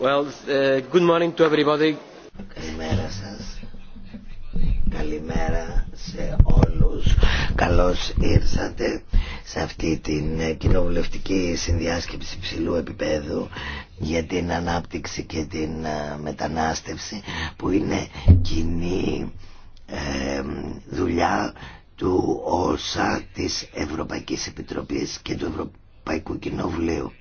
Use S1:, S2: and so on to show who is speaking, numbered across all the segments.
S1: Uh, Καλημέρα σας. Καλημέρα σε όλους. Καλώς ήρθατε σε αυτή την ε, κοινοβουλευτική συνδιάσκεψη ψηλού επίπεδου για την ανάπτυξη και την ε, μετανάστευση που είναι κοινή ε, δουλειά του ΟΣΑ της Ευρωπαϊκής Επιτροπής και του Ευρωπαϊκού Κοινοβουλίου.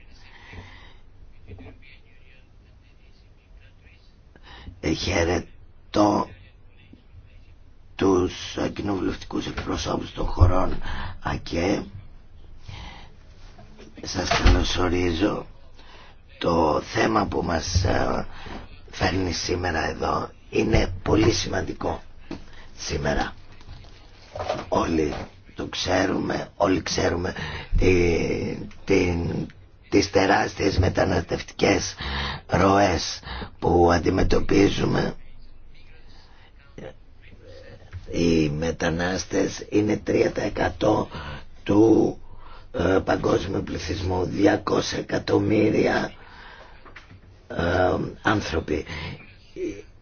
S1: χαιρετώ τους κοινοβουλευτικούς εκπροσώπους των χωρών ΑΚΕ σας καλωσορίζω το θέμα που μας ε, φέρνει σήμερα εδώ είναι πολύ σημαντικό σήμερα όλοι το ξέρουμε όλοι ξέρουμε την, την τις τεράστιες μεταναστευτικές ροές που αντιμετωπίζουμε οι μετανάστες είναι 3% του ε, παγκόσμιου πληθυσμού 200 εκατομμύρια ε, άνθρωποι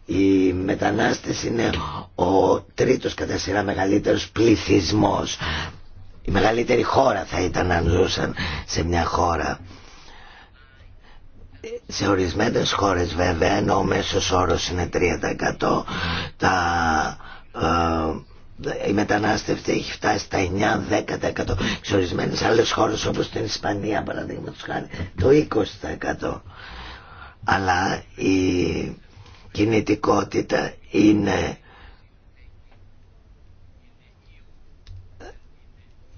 S1: οι μετανάστες είναι ο τρίτος κατά σειρά μεγαλύτερος πληθυσμός η μεγαλύτερη χώρα θα ήταν αν ζούσαν σε μια χώρα σε ορισμένες χώρες βέβαια ενώ ο μέσος όρος είναι 30% τα, ε, η μετανάστευση έχει φτάσει στα 9-10% σε ορισμένες άλλες χώρες όπως την Ισπανία παραδείγματος χάρη το 20% αλλά η κινητικότητα είναι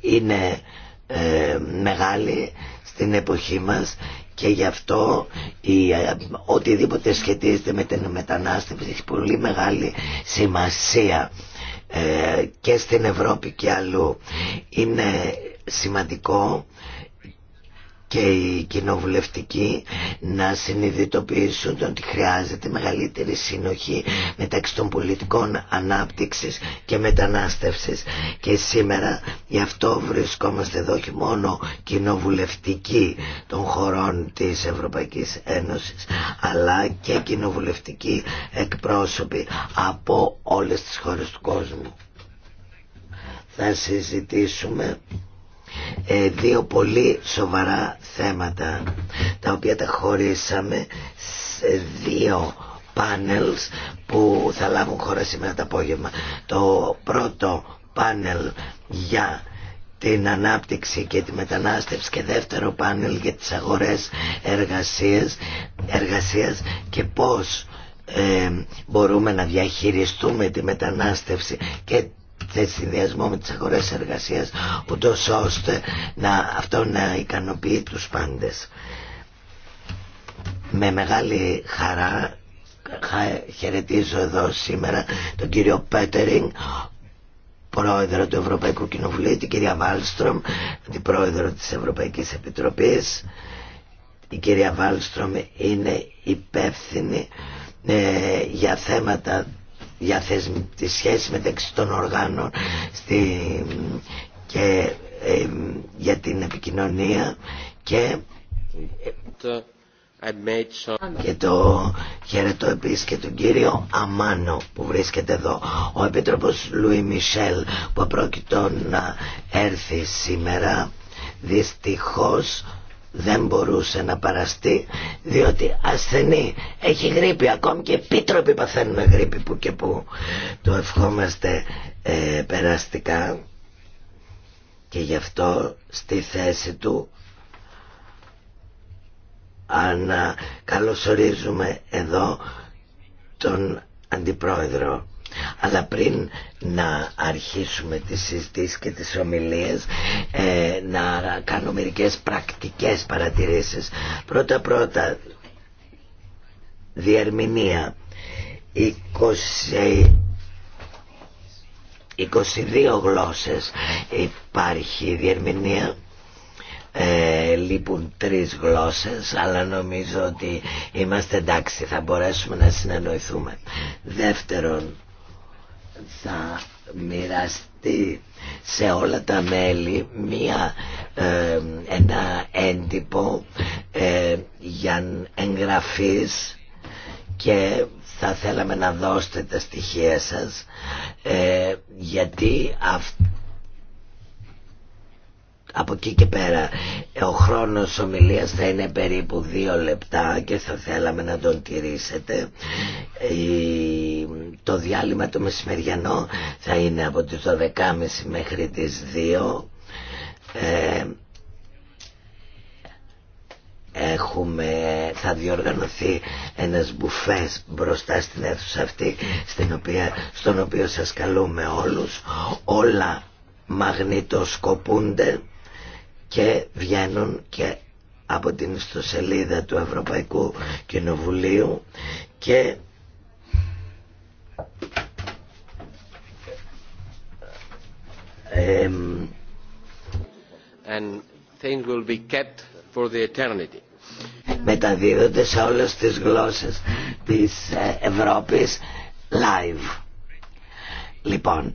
S1: είναι ε, μεγάλη στην εποχή μας και γι' αυτό η, ε, οτιδήποτε σχετίζεται με την μετανάστευση έχει πολύ μεγάλη σημασία ε, και στην Ευρώπη και αλλού. Είναι σημαντικό και οι κοινοβουλευτικοί να συνειδητοποιήσουν ότι χρειάζεται μεγαλύτερη συνοχή μεταξύ των πολιτικών ανάπτυξης και μετανάστευσης και σήμερα γι' αυτό βρισκόμαστε εδώ όχι μόνο κοινοβουλευτικοί των χωρών της Ευρωπαϊκής Ένωσης αλλά και κοινοβουλευτικοί εκπρόσωποι από όλες τις χώρες του κόσμου. Θα συζητήσουμε ε, δύο πολύ σοβαρά θέματα τα οποία τα χωρίσαμε σε δύο πάνελς που θα λάβουν χώρα σήμερα το απόγευμα. Το πρώτο πάνελ για την ανάπτυξη και τη μετανάστευση και δεύτερο πάνελ για τις αγορές εργασίας, εργασίας και πώς ε, μπορούμε να διαχειριστούμε τη μετανάστευση και σε συνδυασμό με τις αγορές εργασίας που τόσο ώστε να, αυτό να ικανοποιεί τους πάντες. Με μεγάλη χαρά χαιρετίζω εδώ σήμερα τον κύριο Πέτερινγκ πρόεδρο του Ευρωπαϊκού Κοινοβουλίου την κυρία Βάλστρομ την πρόεδρο της Ευρωπαϊκής Επιτροπής η κυρία Βάλστρομ είναι υπεύθυνη ε, για θέματα για τη σχέση μεταξύ των οργάνων στη, και για την επικοινωνία και το χαιρετώ επίσης και τον κύριο Αμάνο που βρίσκεται εδώ ο Επίτροπος Λουί Μισελ που απρόκειτο να έρθει σήμερα δυστυχώς δεν μπορούσε να παραστεί διότι ασθενή έχει γρήπη ακόμη και επίτροποι παθαίνουν γρήπη που και που το ευχόμαστε ε, περαστικά και γι' αυτό στη θέση του ανακαλωσορίζουμε εδώ τον Αντιπρόεδρο αλλά πριν να αρχίσουμε τις συζητήσεις και τις ομιλίες ε, να κάνω μερικές πρακτικές παρατηρήσεις. Πρώτα πρώτα διερμηνία 20 22 γλώσσες υπάρχει διερμηνία ε, λείπουν τρεις γλώσσες αλλά νομίζω ότι είμαστε εντάξει θα μπορέσουμε να συνεννοηθούμε δεύτερον θα μοιραστεί σε όλα τα μέλη μία, ε, ένα έντυπο ε, για εγγραφής και θα θέλαμε να δώσετε τα στοιχεία σας ε, γιατί αυτό από εκεί και πέρα ε, ο χρόνος ομιλίας θα είναι περίπου δύο λεπτά και θα θέλαμε να τον τηρήσετε. Ε, το διάλειμμα το μεσημεριανό θα είναι από τις 12.30 μέχρι τις 2. Ε, έχουμε, θα διοργανωθεί ένας μπουφές μπροστά στην αίθουσα αυτή στην οποία, στον οποίο σας καλούμε όλους όλα μαγνητοσκοπούνται και βγαίνουν και από την ιστοσελίδα του Ευρωπαϊκού Κοινοβουλίου και μεταδίδονται σε όλες τις γλώσσες της ε, Ευρώπης live. Λοιπόν,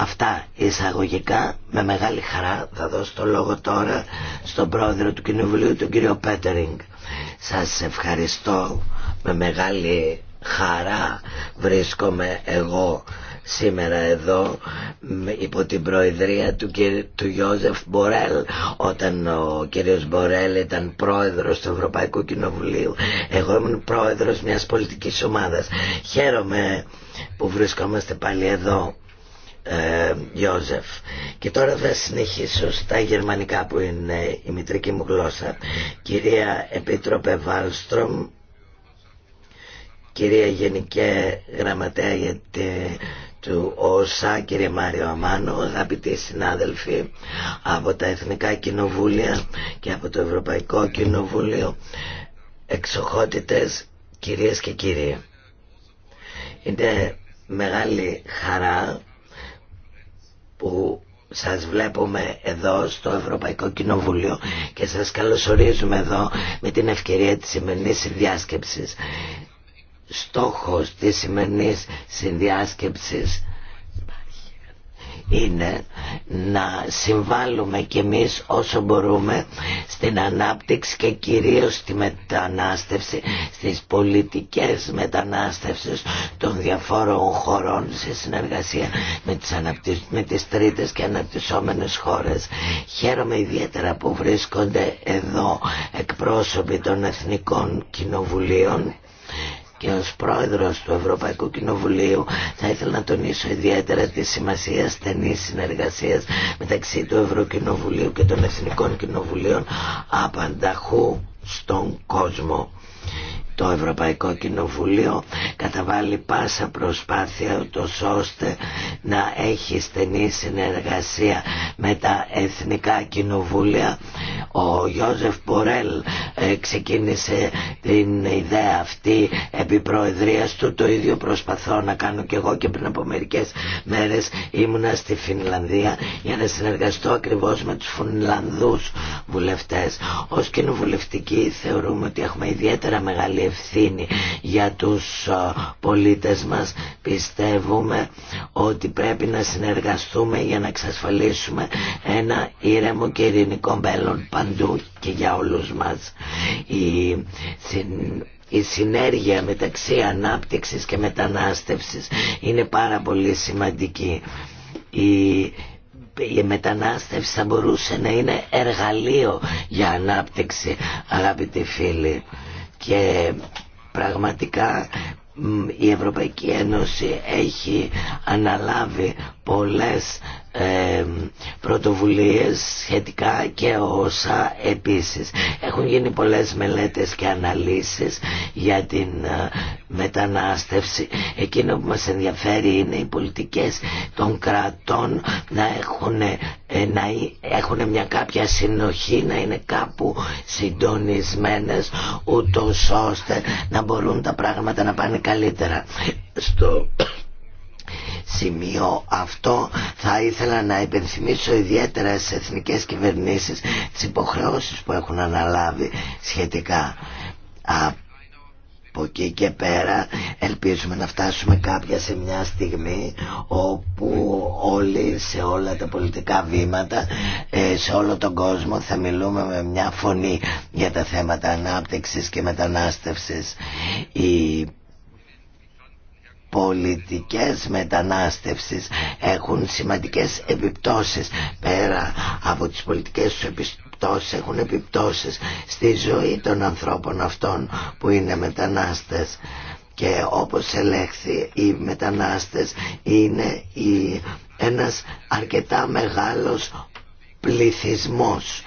S1: Αυτά εισαγωγικά με μεγάλη χαρά θα δώσω το λόγο τώρα στον πρόεδρο του Κοινοβουλίου τον κύριο Πέτερινγκ. Σας ευχαριστώ με μεγάλη χαρά βρίσκομαι εγώ σήμερα εδώ υπό την προεδρία του, του Γιώζεφ Μπορέλ όταν ο κύριος Μπορέλ ήταν πρόεδρος του Ευρωπαϊκού Κοινοβουλίου εγώ ήμουν πρόεδρος μιας πολιτικής ομάδας χαίρομαι που βρισκόμαστε πάλι εδώ ε, και τώρα θα συνεχίσω στα γερμανικά που είναι η μητρική μου γλώσσα κυρία Επίτροπε Βάλστρομ κυρία γενική Γραμματέα γιατί του όσα, κύριε Μάριο Αμάνο, αγαπητοί συνάδελφοι από τα Εθνικά Κοινοβούλια και από το Ευρωπαϊκό Κοινοβούλιο, εξοχότητες, κυρίες και κύριοι. Είναι μεγάλη χαρά που σας βλέπουμε εδώ στο Ευρωπαϊκό Κοινοβούλιο και σας καλωσορίζουμε εδώ με την ευκαιρία της σημερινής συνδιάσκεψης. Στόχος της σημερινής συνδιάσκεψης είναι να συμβάλλουμε κι εμείς όσο μπορούμε στην ανάπτυξη και κυρίως στη μετανάστευση, στις πολιτικές μετανάστευσης των διαφόρων χωρών σε συνεργασία με τις, αναπτυσ... με τις τρίτες και αναπτυσσόμενες χώρες. Χαίρομαι ιδιαίτερα που βρίσκονται εδώ εκπρόσωποι των Εθνικών Κοινοβουλίων και ως πρόεδρος του Ευρωπαϊκού Κοινοβουλίου θα ήθελα να τονίσω ιδιαίτερα τη σημασία στενής συνεργασίας μεταξύ του Ευρωκοινοβουλίου και των Εθνικών Κοινοβουλίων απανταχού στον κόσμο το Ευρωπαϊκό Κοινοβούλιο καταβάλει πάσα προσπάθεια ούτως ώστε να έχει στενή συνεργασία με τα εθνικά κοινοβούλια. Ο Γιώζεφ Πορέλ ε, ξεκίνησε την ιδέα αυτή επί προεδρίας του. Το ίδιο προσπαθώ να κάνω και εγώ και πριν από μερικές μέρες ήμουνα στη Φινλανδία για να συνεργαστώ ακριβώς με τους Φινλανδούς βουλευτές. Ως κοινοβουλευτικοί θεωρούμε ότι έχουμε ιδιαίτερα μεγάλη ευθύνη για τους πολίτες μας. Πιστεύουμε ότι πρέπει να συνεργαστούμε για να εξασφαλίσουμε ένα ήρεμο και ειρηνικό μέλλον παντού και για όλους μας. Η η συνέργεια μεταξύ ανάπτυξης και μετανάστευσης είναι πάρα πολύ σημαντική. Η, η μετανάστευση θα μπορούσε να είναι εργαλείο για ανάπτυξη, αγαπητοί φίλοι και πραγματικά η Ευρωπαϊκή Ένωση έχει αναλάβει πολλές ε, πρωτοβουλίες σχετικά και όσα επίσης. Έχουν γίνει πολλές μελέτες και αναλύσεις για την ε, μετανάστευση. Εκείνο που μας ενδιαφέρει είναι οι πολιτικές των κρατών να έχουν, ε, να έχουν μια κάποια συνοχή, να είναι κάπου συντονισμένες ούτως ώστε να μπορούν τα πράγματα να πάνε καλύτερα. Στο σημείο αυτό θα ήθελα να υπενθυμίσω ιδιαίτερα στις εθνικές κυβερνήσεις τις υποχρεώσεις που έχουν αναλάβει σχετικά από εκεί και πέρα ελπίζουμε να φτάσουμε κάποια σε μια στιγμή όπου όλοι σε όλα τα πολιτικά βήματα ε, σε όλο τον κόσμο θα μιλούμε με μια φωνή για τα θέματα ανάπτυξης και μετανάστευσης. Η πολιτικές μετανάστευσης έχουν σημαντικές επιπτώσεις πέρα από τις πολιτικές τους επιπτώσεις έχουν επιπτώσεις στη ζωή των ανθρώπων αυτών που είναι μετανάστες και όπως ελέγχθη οι μετανάστες είναι η, ένας αρκετά μεγάλος πληθυσμός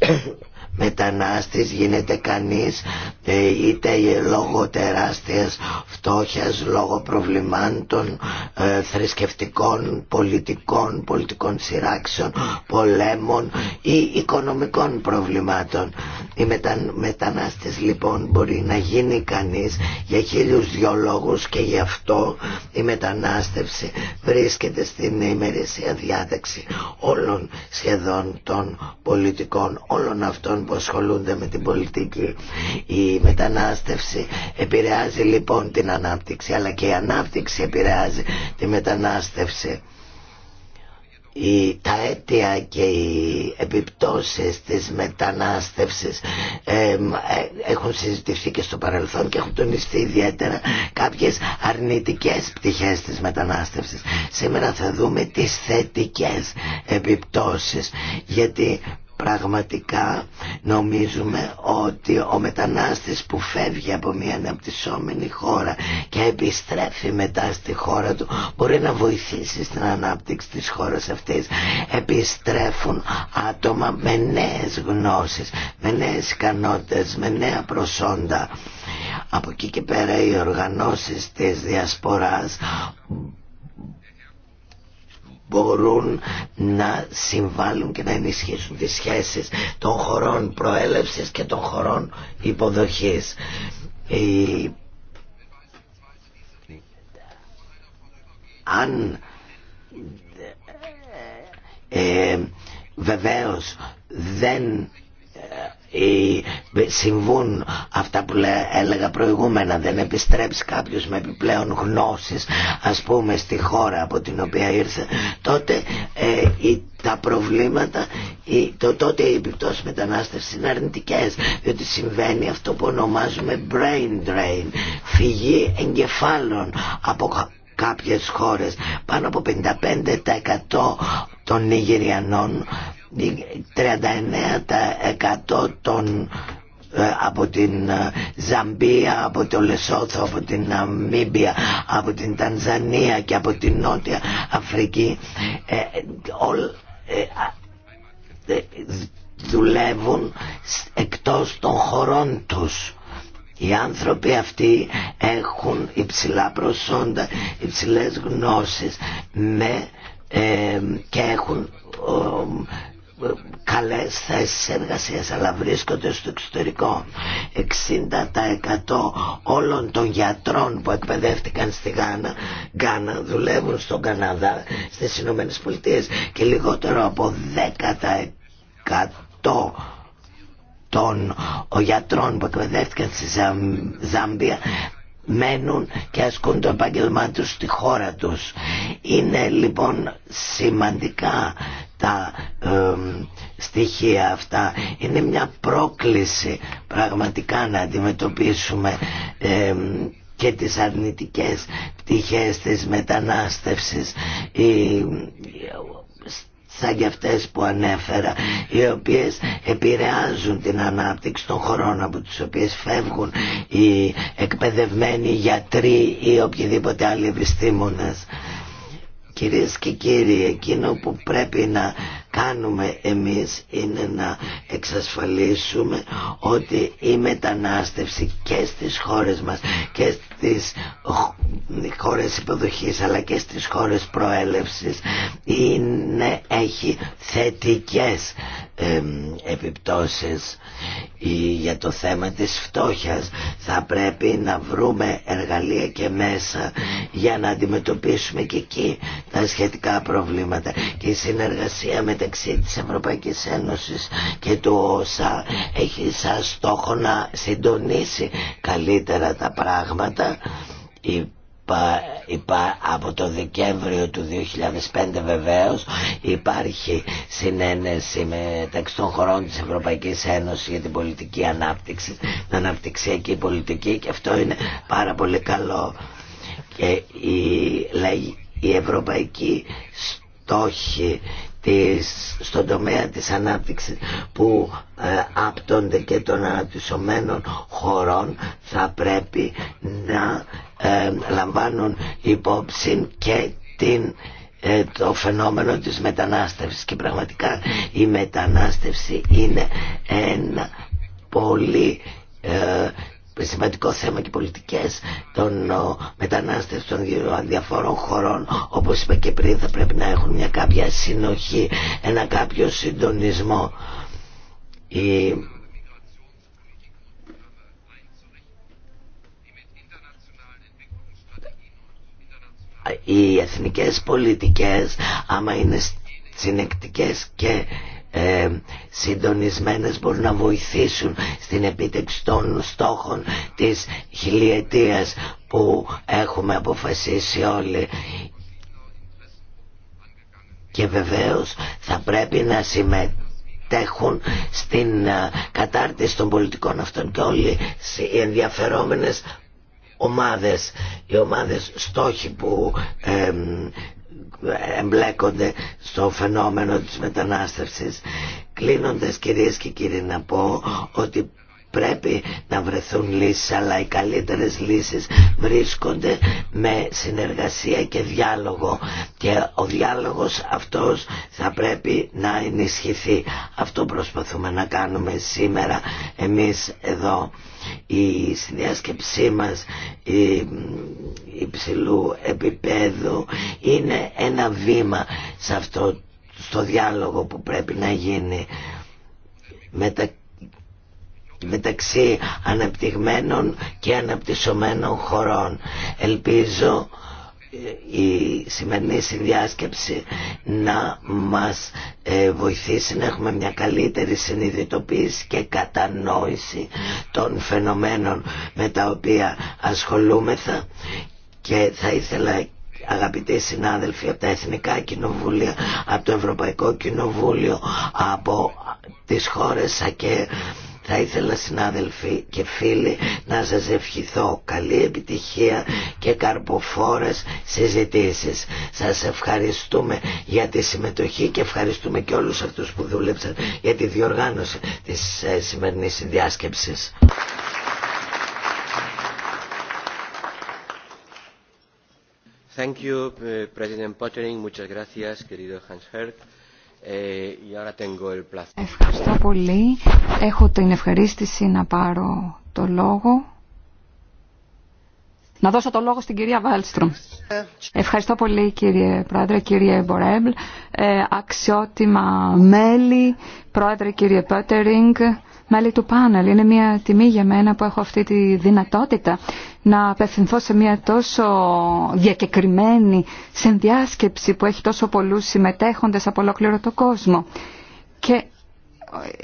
S1: μετανάστης γίνεται κανείς ε, είτε λόγω τεράστιας φτώχειας, λόγω προβλημάτων ε, θρησκευτικών, πολιτικών, πολιτικών σειράξεων, πολέμων ή οικονομικών προβλημάτων. οι μετα, λοιπόν μπορεί να γίνει κανείς για χίλιους δυο λόγους και γι' αυτό η μετανάστευση βρίσκεται στην ημερησία διάταξη όλων σχεδόν των πολιτικών όλων αυτών που ασχολούνται με την πολιτική. Η μετανάστευση επηρεάζει λοιπόν την ανάπτυξη αλλά και η ανάπτυξη επηρεάζει τη μετανάστευση. Η, τα αίτια και οι επιπτώσεις της μετανάστευσης ε, έχουν συζητηθεί και στο παρελθόν και έχουν τονιστεί ιδιαίτερα κάποιες αρνητικές πτυχές της μετανάστευσης. Σήμερα θα δούμε τις θετικές επιπτώσεις γιατί πραγματικά νομίζουμε ότι ο μετανάστης που φεύγει από μια αναπτυσσόμενη χώρα και επιστρέφει μετά στη χώρα του μπορεί να βοηθήσει στην ανάπτυξη της χώρας αυτής επιστρέφουν άτομα με νέες γνώσεις με νέες ικανότητες με νέα προσόντα από εκεί και πέρα οι οργανώσεις της διασποράς μπορούν να συμβάλλουν και να ενισχύσουν τις σχέσεις των χωρών προέλευσης και των χωρών υποδοχής. Αν ε, ε δεν ε, συμβούν αυτά που έλεγα προηγούμενα δεν επιστρέψει κάποιος με επιπλέον γνώσεις ας πούμε στη χώρα από την οποία ήρθε τότε ε, τα προβλήματα η, το, τότε οι επιπτώσεις μετανάστευσης είναι αρνητικές διότι συμβαίνει αυτό που ονομάζουμε brain drain φυγή εγκεφάλων από κάποιες χώρες πάνω από 55% των Νιγηριανών 39% των ε, από την ε, Ζαμπία, από το Λεσόθο, από την Ναμίμπια, από την Τανζανία και από την Νότια Αφρική ε, ε δουλεύουν εκτός των χωρών τους. Οι άνθρωποι αυτοί έχουν υψηλά προσόντα, υψηλές γνώσεις με, και έχουν καλές θέσεις εργασίας αλλά βρίσκονται στο εξωτερικό 60% όλων των γιατρών που εκπαιδεύτηκαν στη Γάνα, Γάνα δουλεύουν στον Καναδά στις Ηνωμένε Πολιτείες και λιγότερο από 10% των γιατρών που εκπαιδεύτηκαν στη Ζάμπια μένουν και ασκούν το επάγγελμά τους στη χώρα τους. Είναι λοιπόν σημαντικά τα στοιχεία αυτά. Είναι μια πρόκληση πραγματικά να αντιμετωπίσουμε και τις αρνητικές πτυχές της μετανάστευσης η, σαν και αυτές που ανέφερα οι οποίες επηρεάζουν την ανάπτυξη των χωρών από τις οποίες φεύγουν οι εκπαιδευμένοι γιατροί ή οποιοδήποτε άλλοι επιστήμονες Κυρίες και κύριοι, εκείνο που πρέπει να κάνουμε εμείς είναι να εξασφαλίσουμε ότι η μετανάστευση και στις χώρες μας και στις χώρες υποδοχής αλλά και στις χώρες προέλευσης είναι, έχει θετικές ε, επιπτώσεις για το θέμα της φτώχειας θα πρέπει να βρούμε εργαλεία και μέσα για να αντιμετωπίσουμε και εκεί τα σχετικά προβλήματα και η συνεργασία με τα μεταξύ της Ευρωπαϊκής Ένωσης και του ΩΣΑ έχει σαν στόχο να συντονίσει καλύτερα τα πράγματα Υπά, από το Δεκέμβριο του 2005 βεβαίως υπάρχει συνένεση μεταξύ των χωρών της Ευρωπαϊκής Ένωσης για την πολιτική ανάπτυξη, την αναπτυξιακή πολιτική και αυτό είναι πάρα πολύ καλό. Και η, η ευρωπαϊκή στόχη της, ε, στον τομέα της ανάπτυξης που ε, άπτονται και των αναπτυσσομένων χωρών θα πρέπει να ε, λαμβάνουν υπόψη και την ε, το φαινόμενο της μετανάστευσης και πραγματικά η μετανάστευση είναι ένα πολύ ε, σημαντικό θέμα και πολιτικές των μετανάστευσης των διαφόρων χωρών όπως είπα και πριν θα πρέπει να κάποια συνοχή, ένα κάποιο συντονισμό. Η... Οι εθνικές πολιτικές, άμα είναι συνεκτικές και ε, συντονισμένες μπορούν να βοηθήσουν στην επίτευξη των στόχων της χιλιετίας που έχουμε αποφασίσει όλοι και βεβαίως θα πρέπει να συμμετέχουν στην ε, κατάρτιση των πολιτικών αυτών και όλοι οι ενδιαφερόμενες ομάδες, οι ομάδες στόχοι που εμπλέκονται στο φαινόμενο της μετανάστευσης. Κλείνοντας κυρίες και κύριοι να πω ότι πρέπει να βρεθούν λύσεις αλλά οι καλύτερες λύσεις βρίσκονται με συνεργασία και διάλογο και ο διάλογος αυτός θα πρέπει να ενισχυθεί αυτό προσπαθούμε να κάνουμε σήμερα εμείς εδώ η συνδιάσκεψή μας η υψηλού επίπεδου είναι ένα βήμα σε αυτό, στο διάλογο που πρέπει να γίνει μεταξύ αναπτυγμένων και αναπτυσσομένων χωρών. Ελπίζω ε, η σημερινή συνδιάσκεψη να μας ε, βοηθήσει να έχουμε μια καλύτερη συνειδητοποίηση και κατανόηση των φαινομένων με τα οποία ασχολούμεθα και θα ήθελα αγαπητοί συνάδελφοι από τα Εθνικά Κοινοβούλια, από το Ευρωπαϊκό Κοινοβούλιο, από τις χώρες και θα ήθελα συνάδελφοι και φίλοι να σας ευχηθώ καλή επιτυχία και καρποφόρες συζητήσεις. Σας ευχαριστούμε για τη συμμετοχή και ευχαριστούμε και όλους αυτούς που δούλεψαν για τη διοργάνωση της ε, σημερινής συνδιάσκεψης. Thank you, President Muchas gracias, querido Hans ε, ε, Ευχαριστώ
S2: πολύ. Έχω την ευχαρίστηση να πάρω το λόγο. Να δώσω το λόγο στην κυρία Βάλστρουμ. Ευχαριστώ πολύ κύριε Πρόεδρε, κύριε Μπορέμπλ, ε, αξιότιμα μέλη, Πρόεδρε κύριε Πέτερινγκ, μέλη του πάνελ. Είναι μια τιμή για μένα που έχω αυτή τη δυνατότητα να απευθυνθώ σε μια τόσο διακεκριμένη συνδιάσκεψη που έχει τόσο πολλούς συμμετέχοντες από ολόκληρο το κόσμο. Και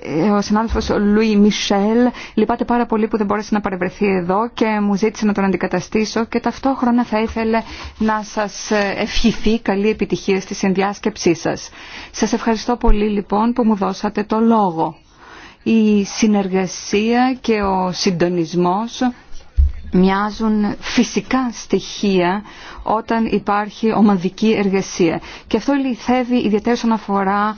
S2: ε, ο συνάδελφος Λουί Μισελ λυπάται πάρα πολύ που δεν μπόρεσε να παρευρεθεί εδώ και μου ζήτησε να τον αντικαταστήσω και ταυτόχρονα θα ήθελε να σας ευχηθεί καλή επιτυχία στη συνδιάσκεψή σας. Σας ευχαριστώ πολύ λοιπόν που μου δώσατε το λόγο. Η συνεργασία και ο συντονισμός μοιάζουν φυσικά στοιχεία όταν υπάρχει ομαδική εργασία. Και αυτό λυθεύει ιδιαίτερα όσον αφορά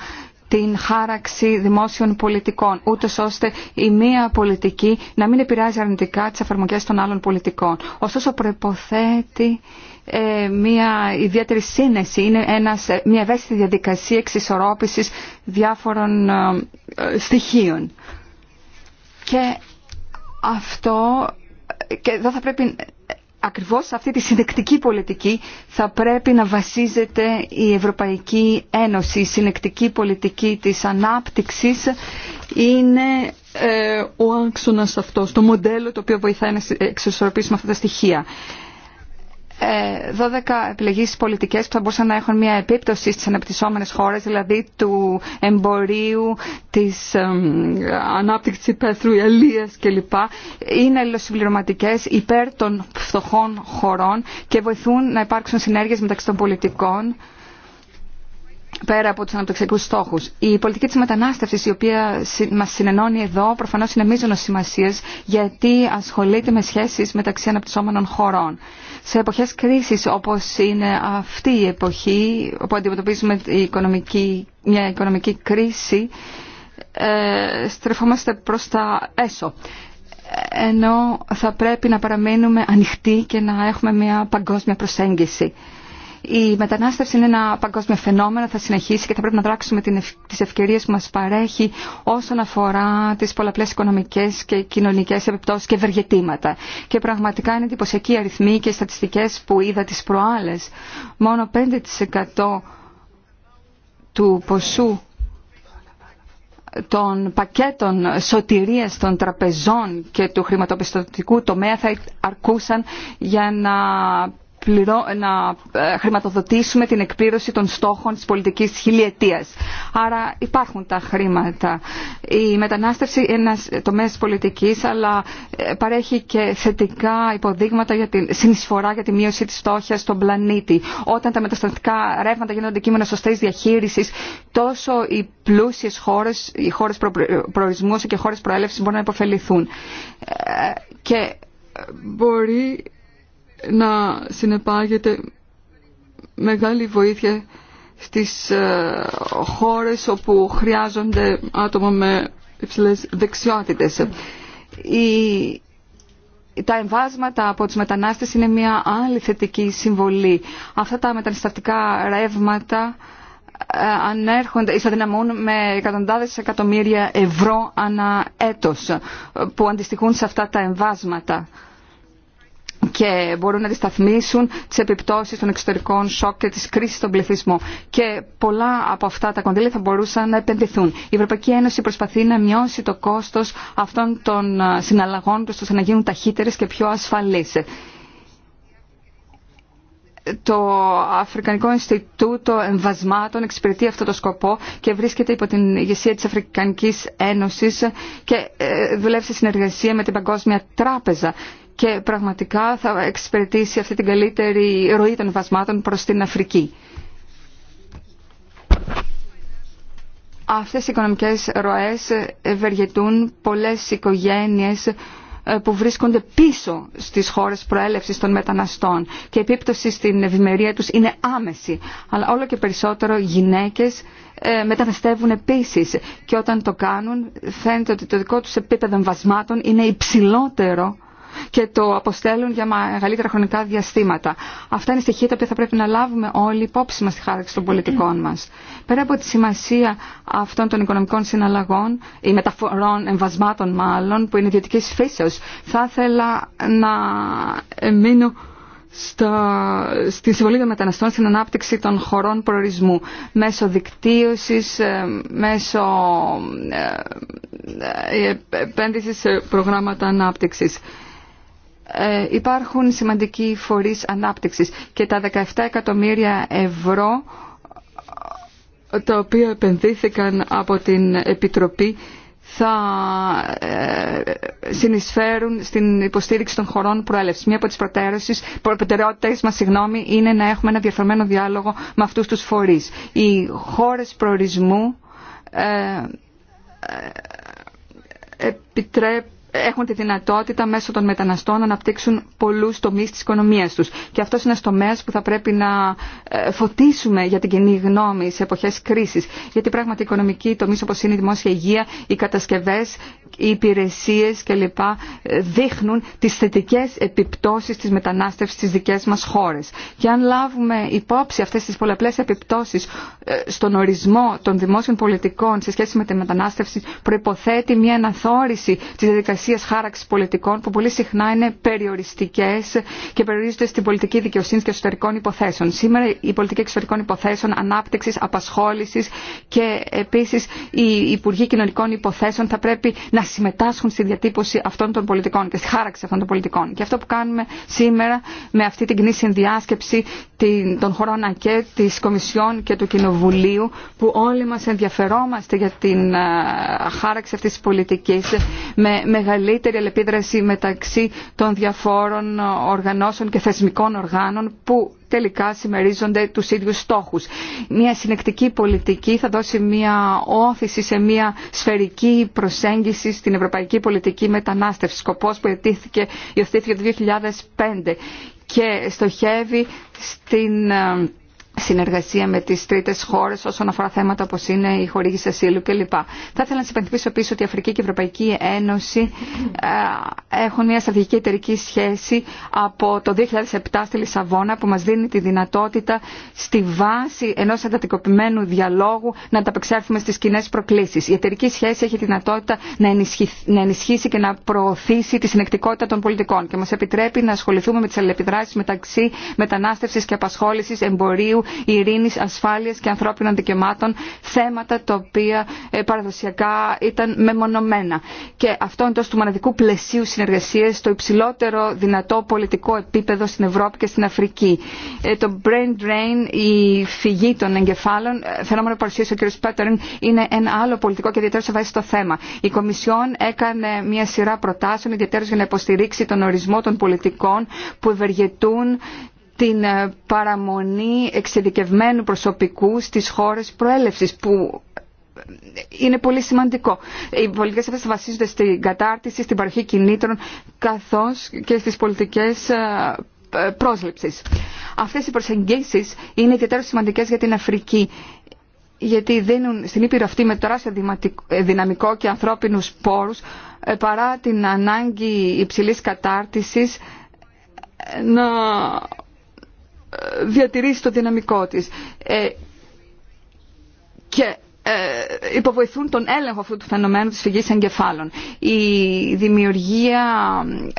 S2: την χάραξη δημόσιων πολιτικών, ούτω ώστε η μία πολιτική να μην επηρεάζει αρνητικά τι εφαρμογέ των άλλων πολιτικών. Ωστόσο προποθέτει ε, μια ιδιαίτερη σύνεση, είναι ε, μια ευαίσθητη διαδικασία εξισορρόπησης διάφορων ε, στοιχείων. Και αυτό και εδώ θα πρέπει ακριβώς αυτή τη συνεκτική πολιτική θα πρέπει να βασίζεται η Ευρωπαϊκή Ένωση. Η συνεκτική πολιτική της ανάπτυξης είναι ε, ο άξονας αυτός, το μοντέλο το οποίο βοηθάει να εξωσορροπήσουμε αυτά τα στοιχεία. 12 ε, επιλεγείς πολιτικές που θα μπορούσαν να έχουν μια επίπτωση στις αναπτυσσόμενες χώρες, δηλαδή του εμπορίου, της ανάπτυξης υπαίθρου κλπ. Είναι αλληλοσυμπληρωματικές υπέρ των φτωχών χωρών και βοηθούν να υπάρξουν συνέργειες μεταξύ των πολιτικών πέρα από τους αναπτυξιακούς στόχους. Η πολιτική της μετανάστευσης η οποία μας συνενώνει εδώ προφανώς είναι μείζονος σημασίας γιατί ασχολείται με σχέσεις μεταξύ αναπτυσσόμενων χωρών. Σε εποχές κρίσης όπως είναι αυτή η εποχή όπου αντιμετωπίζουμε η οικονομική, μια οικονομική κρίση ε, στρεφόμαστε προς τα έσω ενώ θα πρέπει να παραμείνουμε ανοιχτοί και να έχουμε μια παγκόσμια προσέγγιση. Η μετανάστευση είναι ένα παγκόσμιο φαινόμενο, θα συνεχίσει και θα πρέπει να δράξουμε τις ευκαιρίε που μας παρέχει όσον αφορά τις πολλαπλές οικονομικές και κοινωνικές επιπτώσει και ευεργετήματα. Και πραγματικά είναι εντυπωσιακοί αριθμοί και οι στατιστικές που είδα τις προάλλες. Μόνο 5% του ποσού των πακέτων σωτηρίας των τραπεζών και του χρηματοπιστωτικού τομέα θα αρκούσαν για να πληρώ, να ε, χρηματοδοτήσουμε την εκπλήρωση των στόχων της πολιτικής χιλιετίας. Άρα υπάρχουν τα χρήματα. Η μετανάστευση είναι ένας τομέας πολιτικής, αλλά ε, παρέχει και θετικά υποδείγματα για την συνεισφορά για τη μείωση της φτώχειας στον πλανήτη. Όταν τα μεταστατικά ρεύματα γίνονται αντικείμενα σωστής διαχείρισης, τόσο οι πλούσιες χώρες, οι χώρες προ... προορισμού και οι χώρες προέλευσης μπορούν να υποφεληθούν. Ε, και μπορεί να συνεπάγεται μεγάλη βοήθεια στις ε, χώρες όπου χρειάζονται άτομα με υψηλές δεξιότητες. τα εμβάσματα από τους μετανάστες είναι μια άλλη θετική συμβολή. Αυτά τα μεταναστευτικά ρεύματα ε, ανέρχονται, ισοδυναμούν με εκατοντάδες εκατομμύρια ευρώ ανά έτος ε, που αντιστοιχούν σε αυτά τα εμβάσματα και μπορούν να αντισταθμίσουν τις επιπτώσεις των εξωτερικών σοκ και της κρίσης στον πληθυσμό. Και πολλά από αυτά τα κονδύλια θα μπορούσαν να επενδυθούν. Η Ευρωπαϊκή Ένωση προσπαθεί να μειώσει το κόστος αυτών των ε, συναλλαγών τους ώστε να γίνουν ταχύτερες και πιο ασφαλείς. Το Αφρικανικό Ινστιτούτο Εμβασμάτων εξυπηρετεί αυτό το σκοπό και βρίσκεται υπό την ηγεσία της Αφρικανικής Ένωσης και ε, δουλεύει σε συνεργασία με την Παγκόσμια Τράπεζα και πραγματικά θα εξυπηρετήσει αυτή την καλύτερη ροή των βασμάτων προς την Αφρική. Αυτές οι οικονομικές ροές ευεργετούν πολλές οικογένειες ε, που βρίσκονται πίσω στις χώρες προέλευσης των μεταναστών και η επίπτωση στην ευημερία τους είναι άμεση. Αλλά όλο και περισσότερο γυναίκες ε, μεταναστεύουν επίσης και όταν το κάνουν φαίνεται ότι το δικό τους επίπεδο βασμάτων είναι υψηλότερο και το αποστέλουν για μεγαλύτερα χρονικά διαστήματα. Αυτά είναι στοιχεία τα οποία θα πρέπει να λάβουμε όλοι υπόψη μα στη χάραξη των πολιτικών μας. Πέρα από τη σημασία αυτών των οικονομικών συναλλαγών ή μεταφορών εμβασμάτων μάλλον που είναι ιδιωτική φύσεω, θα ήθελα να μείνω στη συμβολή των μεταναστών στην ανάπτυξη των χωρών προορισμού μέσω δικτύωσης, ε, μέσω ε, ε, επένδυσης σε προγράμματα ανάπτυξης. Ε, υπάρχουν σημαντικοί φορείς ανάπτυξης και τα 17 εκατομμύρια ευρώ ε, τα οποία επενδύθηκαν από την Επιτροπή θα ε, συνεισφέρουν στην υποστήριξη των χωρών προέλευση. Μία από τις προτεραιότητες μας συγγνώμη, είναι να έχουμε ένα διαφορεμένο διάλογο με αυτούς τους φορείς. Οι χώρες προορισμού επιτρέπουν έχουν τη δυνατότητα μέσω των μεταναστών να αναπτύξουν πολλούς τομείς της οικονομίας τους. Και αυτό είναι ένα τομέα που θα πρέπει να ε, φωτίσουμε για την κοινή γνώμη σε εποχές κρίσης. Γιατί πράγματι οι οικονομικοί τομεί, όπω είναι η δημόσια υγεία, οι κατασκευές, οι υπηρεσίες λοιπά ε, δείχνουν τις θετικές επιπτώσεις της μετανάστευσης στις δικές μας χώρες. Και αν λάβουμε υπόψη αυτές τις πολλαπλές επιπτώσεις ε, στον ορισμό των δημόσιων πολιτικών σε σχέση με τη μετανάστευση προϋποθέτει μια αναθόρηση της διαδικασίας χάραξης πολιτικών που πολύ συχνά είναι περιοριστικές και περιορίζονται στην πολιτική δικαιοσύνη και εσωτερικών υποθέσεων. Σήμερα η πολιτική εξωτερικών υποθέσεων, ανάπτυξης, απασχόλησης και επίσης οι Υπουργοί Κοινωνικών Υποθέσεων θα πρέπει να συμμετάσχουν στη διατύπωση αυτών των πολιτικών και στη χάραξη αυτών των πολιτικών. Και αυτό που κάνουμε σήμερα με αυτή την κοινή συνδιάσκεψη των χωρών ΑΚΕ, της Κομισιόν και του Κοινοβουλίου, που όλοι μας ενδιαφερόμαστε για την ε, χάραξη αυτής της πολιτικής με μεγαλύτερη ελεπίδραση μεταξύ των διαφόρων ε, οργανώσεων και θεσμικών οργάνων που τελικά συμμερίζονται τους ίδιους στόχους. Μια συνεκτική πολιτική θα δώσει μια όθηση σε μια σφαιρική προσέγγιση στην ευρωπαϊκή πολιτική μετανάστευση. Σκοπό που υιοθετήθηκε το 2005 και στοχεύει στην ε, συνεργασία με τις τρίτες χώρες όσον αφορά θέματα όπως είναι η χορήγηση ασύλου κλπ. Θα ήθελα να σας υπενθυμίσω πίσω ότι η Αφρική και η Ευρωπαϊκή Ένωση ε, έχουν μια στρατηγική εταιρική σχέση από το 2007 στη Λισαβόνα που μας δίνει τη δυνατότητα στη βάση ενός εντατικοποιημένου διαλόγου να ανταπεξέλθουμε στις κοινέ προκλήσεις. Η εταιρική σχέση έχει τη δυνατότητα να, ενισχύσει και να προωθήσει τη συνεκτικότητα των πολιτικών και μας επιτρέπει να ασχοληθούμε με τις αλληλεπιδράσεις μεταξύ μετανάστευση και απασχόλησης εμπορίου Ειρηνή, ασφάλεια και ανθρώπινων δικαιωμάτων, θέματα τα οποία ε, παραδοσιακά ήταν μεμονωμένα. Και αυτό εντό του μοναδικού πλαισίου συνεργασία στο υψηλότερο δυνατό πολιτικό επίπεδο στην Ευρώπη και στην Αφρική. Ε, το brain drain, η φυγή των εγκεφάλων, ε, φαινόμενο που παρουσίασε ο κ. Πέτερν, είναι ένα άλλο πολιτικό και ιδιαίτερο σε βάση στο θέμα. Η Κομισιόν έκανε μια σειρά προτάσεων, ιδιαίτερω για να υποστηρίξει τον ορισμό των πολιτικών που ευεργετούν την ε, παραμονή εξειδικευμένου προσωπικού στις χώρες προέλευσης που είναι πολύ σημαντικό. Οι πολιτικέ αυτέ βασίζονται στην κατάρτιση, στην παροχή κινήτρων, καθώ και στι πολιτικέ ε, πρόσληψεις. Αυτέ οι προσεγγίσει είναι ιδιαίτερα σημαντικέ για την Αφρική, γιατί δίνουν στην Ήπειρο αυτή με τεράστιο ε, δυναμικό και ανθρώπινου πόρου, παρά την ανάγκη υψηλή κατάρτιση να διατηρήσει το δυναμικό της ε, και ε, υποβοηθούν τον έλεγχο αυτού του φαινομένου της φυγής εγκεφάλων. Η δημιουργία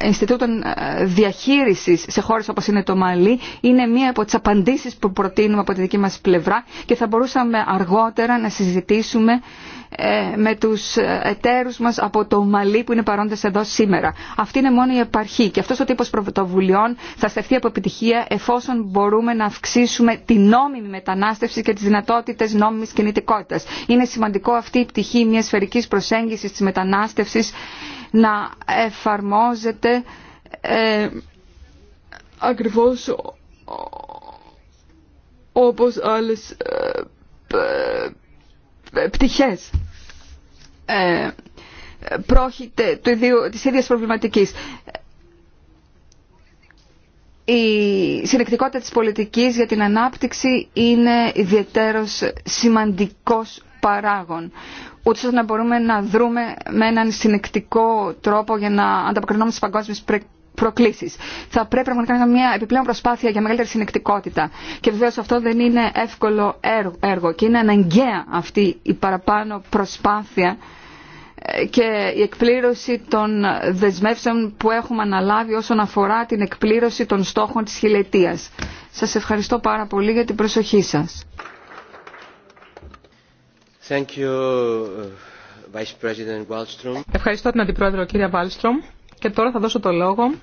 S2: Ινστιτούτων ε, Διαχείρισης σε χώρες όπως είναι το Μαλί είναι μία από τις απαντήσεις που προτείνουμε από τη δική μας πλευρά και θα μπορούσαμε αργότερα να συζητήσουμε ε, με τους εταίρους μας από το Μαλί που είναι παρόντες εδώ σήμερα. Αυτή είναι μόνο η επαρχή και αυτός ο τύπος πρωτοβουλειών θα στεφθεί από επιτυχία εφόσον μπορούμε να αυξήσουμε τη νόμιμη μετανάστευση και τις δυνατότητες νόμιμης κινητικότητας. Είναι σημαντικό αυτή η πτυχή μιας σφαιρικής προσέγγισης της μετανάστευσης να εφαρμόζεται ε, ακριβώς όπως άλλες ε, πτυχές ε, πρόχειται του ιδίου, της ίδιας προβληματικής. Η συνεκτικότητα της πολιτικής για την ανάπτυξη είναι ιδιαίτερος σημαντικός παράγων, ούτως ώστε να μπορούμε να δρούμε με έναν συνεκτικό τρόπο για να ανταποκρινόμαστε στις παγκόσμιες θα πρέπει να κάνουμε μια επιπλέον προσπάθεια για μεγαλύτερη συνεκτικότητα. Και βεβαίω αυτό δεν είναι εύκολο έργο και είναι αναγκαία αυτή η παραπάνω προσπάθεια ε, και η εκπλήρωση των δεσμεύσεων που έχουμε αναλάβει όσον αφορά την εκπλήρωση των στόχων της χιλετίας. Σας ευχαριστώ πάρα πολύ για την προσοχή σας.
S1: Thank you, uh, Vice President
S3: Ευχαριστώ την Αντιπρόεδρο κύριε Βάλστρομ. Και τώρα θα δώσω το λόγο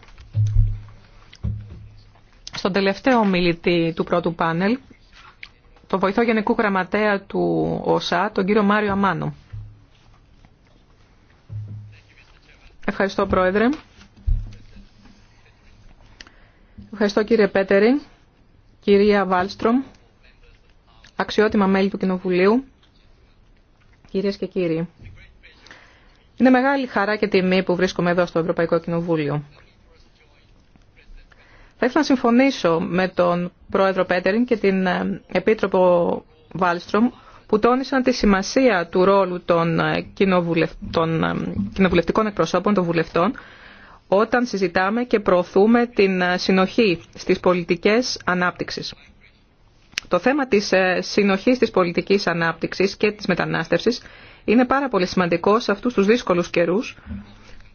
S3: στον τελευταίο ομιλητή του πρώτου πάνελ, τον βοηθό Γενικού Γραμματέα του ΟΣΑ, τον κύριο Μάριο Αμάνο. Ευχαριστώ, Πρόεδρε. Ευχαριστώ, κύριε Πέτερη, κυρία Βάλστρομ, αξιότιμα μέλη του Κοινοβουλίου, κυρίες και κύριοι. Είναι μεγάλη χαρά και τιμή που βρίσκομαι εδώ στο Ευρωπαϊκό Κοινοβούλιο. Θα ήθελα να συμφωνήσω με τον Πρόεδρο Πέτεριν και την ε, Επίτροπο Βάλστρομ που τόνισαν τη σημασία του ρόλου των, ε, ε, κοινοβουλευτικών εκπροσώπων, των βουλευτών, όταν συζητάμε και προωθούμε την συνοχή στις πολιτικές ανάπτυξης. Το θέμα της συνοχής της πολιτικής ανάπτυξης και της μετανάστευσης είναι πάρα πολύ σημαντικό σε αυτού του δύσκολου καιρού,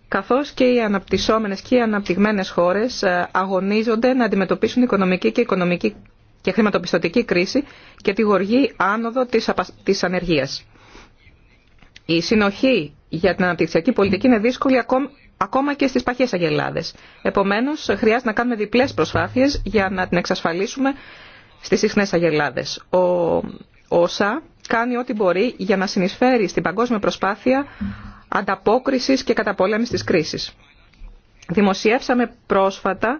S3: καθώ και οι αναπτυσσόμενε και οι αναπτυγμένες χώρε ε, αγωνίζονται να αντιμετωπίσουν οικονομική και οικονομική και χρηματοπιστωτική κρίση και τη γοργή άνοδο της, απα... της ανεργίας. Η συνοχή για την αναπτυξιακή πολιτική είναι δύσκολη ακόμα και στις παχές αγελάδες. Επομένως, χρειάζεται να κάνουμε διπλές προσπάθειες για να την εξασφαλίσουμε στις συχνές αγελάδες. Ο, ο κάνει ό,τι μπορεί για να συνεισφέρει στην παγκόσμια προσπάθεια ανταπόκρισης και καταπολέμησης της κρίσης. Δημοσιεύσαμε πρόσφατα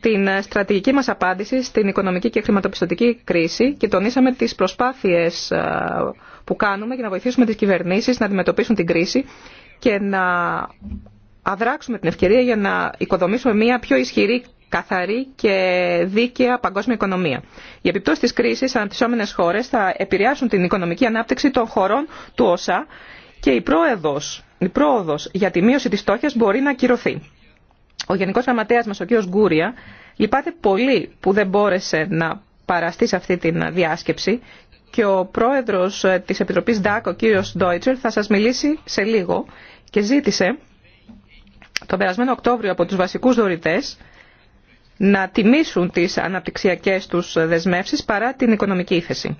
S3: την στρατηγική μας απάντηση στην οικονομική και χρηματοπιστωτική κρίση και τονίσαμε τις προσπάθειες ε, που κάνουμε για να βοηθήσουμε τις κυβερνήσεις να αντιμετωπίσουν την κρίση και να αδράξουμε την ευκαιρία για να οικοδομήσουμε μια πιο ισχυρή καθαρή και δίκαια παγκόσμια οικονομία. Οι επιπτώσει τη κρίση στι αναπτυσσόμενε χώρε θα επηρεάσουν την οικονομική ανάπτυξη των χωρών του ΩΣΑ και η πρόοδο για τη μείωση τη στόχιας μπορεί να ακυρωθεί. Ο Γενικό Γραμματέας μα, ο κ. Γκούρια, λυπάται πολύ που δεν μπόρεσε να παραστεί σε αυτή τη διάσκεψη και ο πρόεδρο ε, τη Επιτροπή ΔΑΚ, ο κ. Ντόιτσερ, θα σα μιλήσει σε λίγο και ζήτησε τον περασμένο Οκτώβριο από του βασικού δωρητέ να τιμήσουν τις αναπτυξιακές τους δεσμεύσεις παρά την οικονομική ύφεση.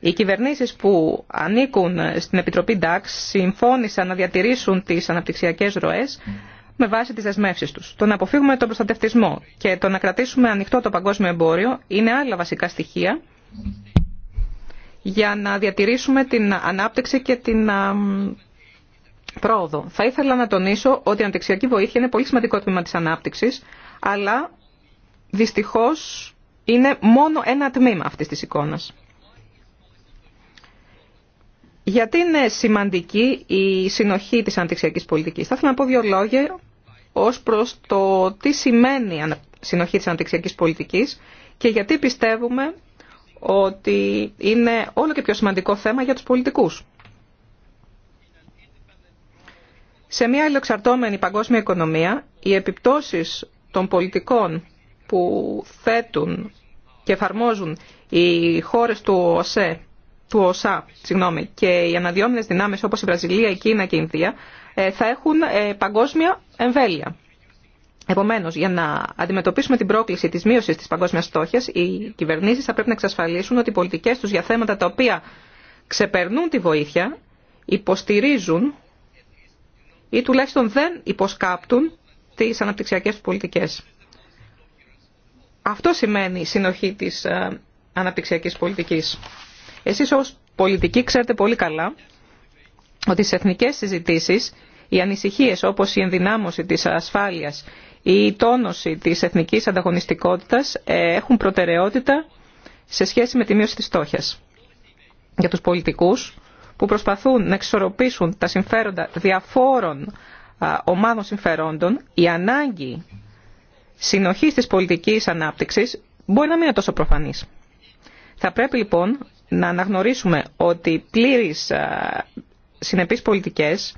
S3: Οι κυβερνήσεις που ανήκουν στην Επιτροπή DAX συμφώνησαν να διατηρήσουν τις αναπτυξιακές ροές με βάση τις δεσμεύσεις τους. Το να αποφύγουμε τον προστατευτισμό και το να κρατήσουμε ανοιχτό το παγκόσμιο εμπόριο είναι άλλα βασικά στοιχεία για να διατηρήσουμε την ανάπτυξη και την πρόοδο. Θα ήθελα να τονίσω ότι η αναπτυξιακή βοήθεια είναι πολύ σημαντικό τμήμα της ανάπτυξης αλλά δυστυχώς είναι μόνο ένα τμήμα αυτής της εικόνας. Γιατί είναι σημαντική η συνοχή της αντιξιακής πολιτικής. Θα ήθελα να πω δύο λόγια ως προς το τι σημαίνει η συνοχή της αναπτυξιακής πολιτικής και γιατί πιστεύουμε ότι είναι όλο και πιο σημαντικό θέμα για τους πολιτικούς. Σε μια ελεοξαρτώμενη παγκόσμια οικονομία, οι επιπτώσεις των πολιτικών που θέτουν και εφαρμόζουν οι χώρες του ΟΣΕ, του ΟΣΑ συγγνώμη, και οι αναδυόμενες δυνάμεις όπως η Βραζιλία, η Κίνα και η Ινδία ε, θα έχουν ε, παγκόσμια εμβέλεια. Επομένως, για να αντιμετωπίσουμε την πρόκληση της μείωσης της παγκόσμιας στόχιας, οι κυβερνήσεις θα πρέπει να εξασφαλίσουν ότι οι πολιτικές τους για θέματα τα οποία ξεπερνούν τη βοήθεια, υποστηρίζουν ή τουλάχιστον δεν υποσκάπτουν τις αναπτυξιακές πολιτικές. Αυτό σημαίνει η συνοχή της ε, αναπτυξιακής πολιτικής. Εσείς ως πολιτικοί ξέρετε πολύ καλά ότι στις εθνικές συζητήσεις οι ανησυχίες όπως η ενδυνάμωση της ασφάλειας ή η τόνωση της εθνικής ανταγωνιστικότητας ε, έχουν προτεραιότητα σε σχέση με τη μείωση της στόχιας. Για τους πολιτικούς που προσπαθούν να εξορροπήσουν τα συμφέροντα διαφόρων ομάδων συμφερόντων, η ανάγκη συνοχής της πολιτικής ανάπτυξης μπορεί να μην είναι τόσο προφανής. Θα πρέπει λοιπόν να αναγνωρίσουμε ότι πλήρης συνεπείς πολιτικές